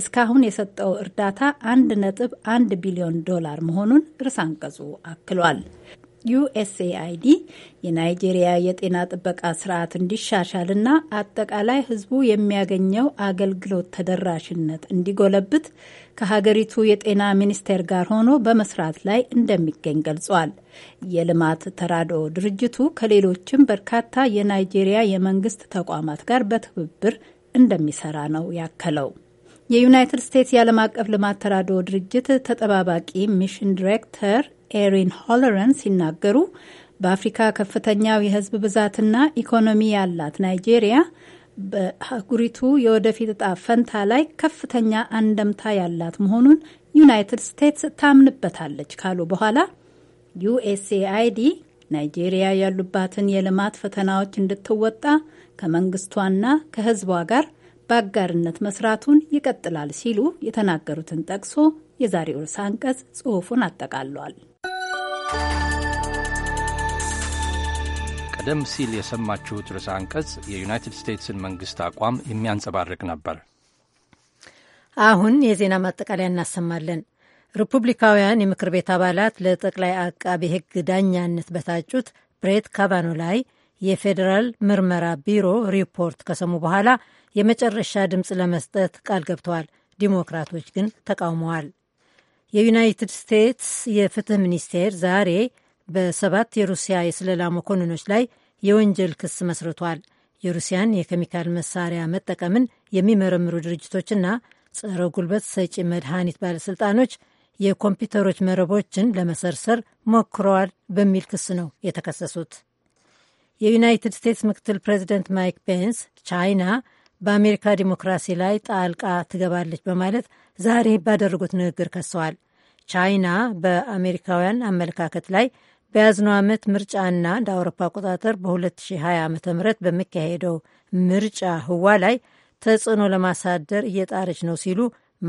Speaker 5: እስካሁን የሰጠው እርዳታ አንድ ነጥብ አንድ ቢሊዮን ዶላር መሆኑን ርዕሰ አንቀጹ አክሏል። ዩኤስኤአይዲ የናይጄሪያ የጤና ጥበቃ ስርዓት እንዲሻሻልና አጠቃላይ ህዝቡ የሚያገኘው አገልግሎት ተደራሽነት እንዲጎለብት ከሀገሪቱ የጤና ሚኒስቴር ጋር ሆኖ በመስራት ላይ እንደሚገኝ ገልጿል። የልማት ተራድኦ ድርጅቱ ከሌሎችም በርካታ የናይጄሪያ የመንግስት ተቋማት ጋር በትብብር እንደሚሰራ ነው ያከለው። የዩናይትድ ስቴትስ የዓለም አቀፍ ልማት ተራድኦ ድርጅት ተጠባባቂ ሚሽን ዲሬክተር ኤሪን ሆለረን ሲናገሩ በአፍሪካ ከፍተኛው የህዝብ ብዛትና ኢኮኖሚ ያላት ናይጄሪያ በአህጉሪቱ የወደፊት እጣ ፈንታ ላይ ከፍተኛ አንደምታ ያላት መሆኑን ዩናይትድ ስቴትስ ታምንበታለች ካሉ በኋላ ዩኤስኤአይዲ ናይጄሪያ ያሉባትን የልማት ፈተናዎች እንድትወጣ ከመንግስቷና ከህዝቧ ጋር በአጋርነት መስራቱን ይቀጥላል ሲሉ የተናገሩትን ጠቅሶ የዛሬው ርዕሰ አንቀጽ ጽሑፉን አጠቃለዋል።
Speaker 8: ቀደም ሲል የሰማችሁት ርዕሰ አንቀጽ የዩናይትድ ስቴትስን መንግስት አቋም
Speaker 9: የሚያንጸባርቅ ነበር።
Speaker 1: አሁን የዜና ማጠቃለያ እናሰማለን። ሪፑብሊካውያን የምክር ቤት አባላት ለጠቅላይ አቃቤ ሕግ ዳኛነት በታጩት ብሬት ካቫኖ ላይ የፌዴራል ምርመራ ቢሮ ሪፖርት ከሰሙ በኋላ የመጨረሻ ድምፅ ለመስጠት ቃል ገብተዋል። ዲሞክራቶች ግን ተቃውመዋል። የዩናይትድ ስቴትስ የፍትህ ሚኒስቴር ዛሬ በሰባት የሩሲያ የስለላ መኮንኖች ላይ የወንጀል ክስ መስርቷል። የሩሲያን የኬሚካል መሳሪያ መጠቀምን የሚመረምሩ ድርጅቶችና ጸረ ጉልበት ሰጪ መድኃኒት ባለሥልጣኖች የኮምፒውተሮች መረቦችን ለመሰርሰር ሞክረዋል በሚል ክስ ነው የተከሰሱት። የዩናይትድ ስቴትስ ምክትል ፕሬዚደንት ማይክ ፔንስ ቻይና በአሜሪካ ዲሞክራሲ ላይ ጣልቃ ትገባለች በማለት ዛሬ ባደረጉት ንግግር ከሰዋል። ቻይና በአሜሪካውያን አመለካከት ላይ በያዝነው ዓመት ምርጫና እንደ አውሮፓ አቆጣጠር በ2020 ዓ ም በሚካሄደው ምርጫ ህዋ ላይ ተጽዕኖ ለማሳደር እየጣረች ነው ሲሉ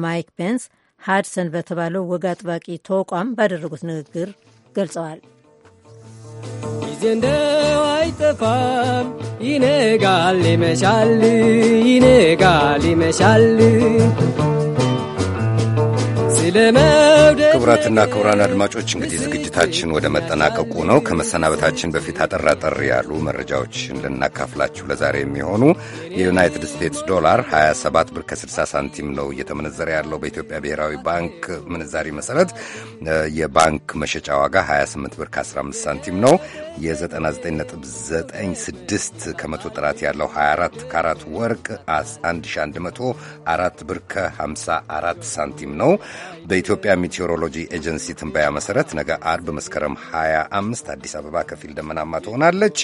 Speaker 1: ማይክ ፔንስ ሃድሰን በተባለው ወግ አጥባቂ ተቋም ባደረጉት ንግግር ገልጸዋል።
Speaker 10: ጊዜ እንደው አይጠፋም፣ ይነጋል ይመሻል፣ ይነጋል ይመሻል
Speaker 2: ክቡራትና ክቡራን አድማጮች እንግዲህ ዝግጅታችን ወደ መጠናቀቁ ነው። ከመሰናበታችን በፊት አጠራጠር ያሉ መረጃዎችን ልናካፍላችሁ። ለዛሬ የሚሆኑ የዩናይትድ ስቴትስ ዶላር 27 ብር ከ60 ሳንቲም ነው እየተመነዘረ ያለው በኢትዮጵያ ብሔራዊ ባንክ ምንዛሪ መሰረት። የባንክ መሸጫ ዋጋ 28 ብር ከ15 ሳንቲም ነው። የ99.96 ከመቶ ጥራት ያለው 24 ካራት ወርቅ 1104 ብር ከ54 ሳንቲም ነው። በኢትዮጵያ ሜቴዎሮሎጂ ኤጀንሲ ትንበያ መሰረት ነገ አርብ መስከረም 25 አዲስ አበባ ከፊል ደመናማ ትሆናለች።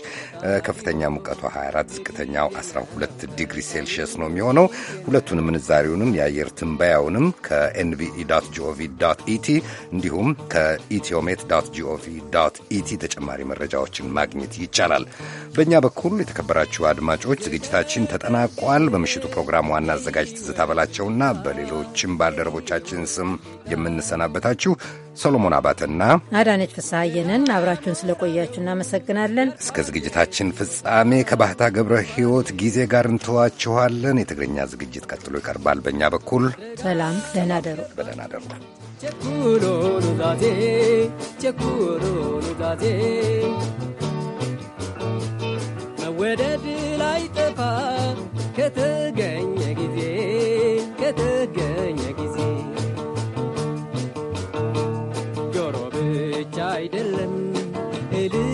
Speaker 2: ከፍተኛ ሙቀቷ 24፣ ዝቅተኛው 12 ዲግሪ ሴልሺየስ ነው የሚሆነው። ሁለቱንም ምንዛሪውንም የአየር ትንበያውንም ከኤንቪኢ ዶት ጂኦቪ ኢቲ እንዲሁም ከኢትዮሜት ጂኦቪ ኢቲ ተጨማሪ መረጃዎችን ማግኘት ይቻላል። በእኛ በኩል የተከበራችሁ አድማጮች ዝግጅታችን ተጠናቋል። በምሽቱ ፕሮግራም ዋና አዘጋጅ ትዝታ በላቸውና በሌሎችም ባልደረቦቻችን ስም የምንሰናበታችሁ ሰሎሞን አባተና
Speaker 1: አዳነች ፍስሐየንን አብራችሁን ስለቆያችሁ እናመሰግናለን። እስከ
Speaker 2: ዝግጅታችን ፍጻሜ ከባህታ ገብረ ሕይወት ጊዜ ጋር እንተዋችኋለን። የትግርኛ ዝግጅት ቀጥሎ ይቀርባል። በእኛ በኩል
Speaker 1: ሰላም፣ ደህና ደሩ፣ በደህና ደሩ።
Speaker 10: መወደድ ላይ ጠፋ ከተገኘ ጊዜ ከተገኘ ጊዜ aydelem elim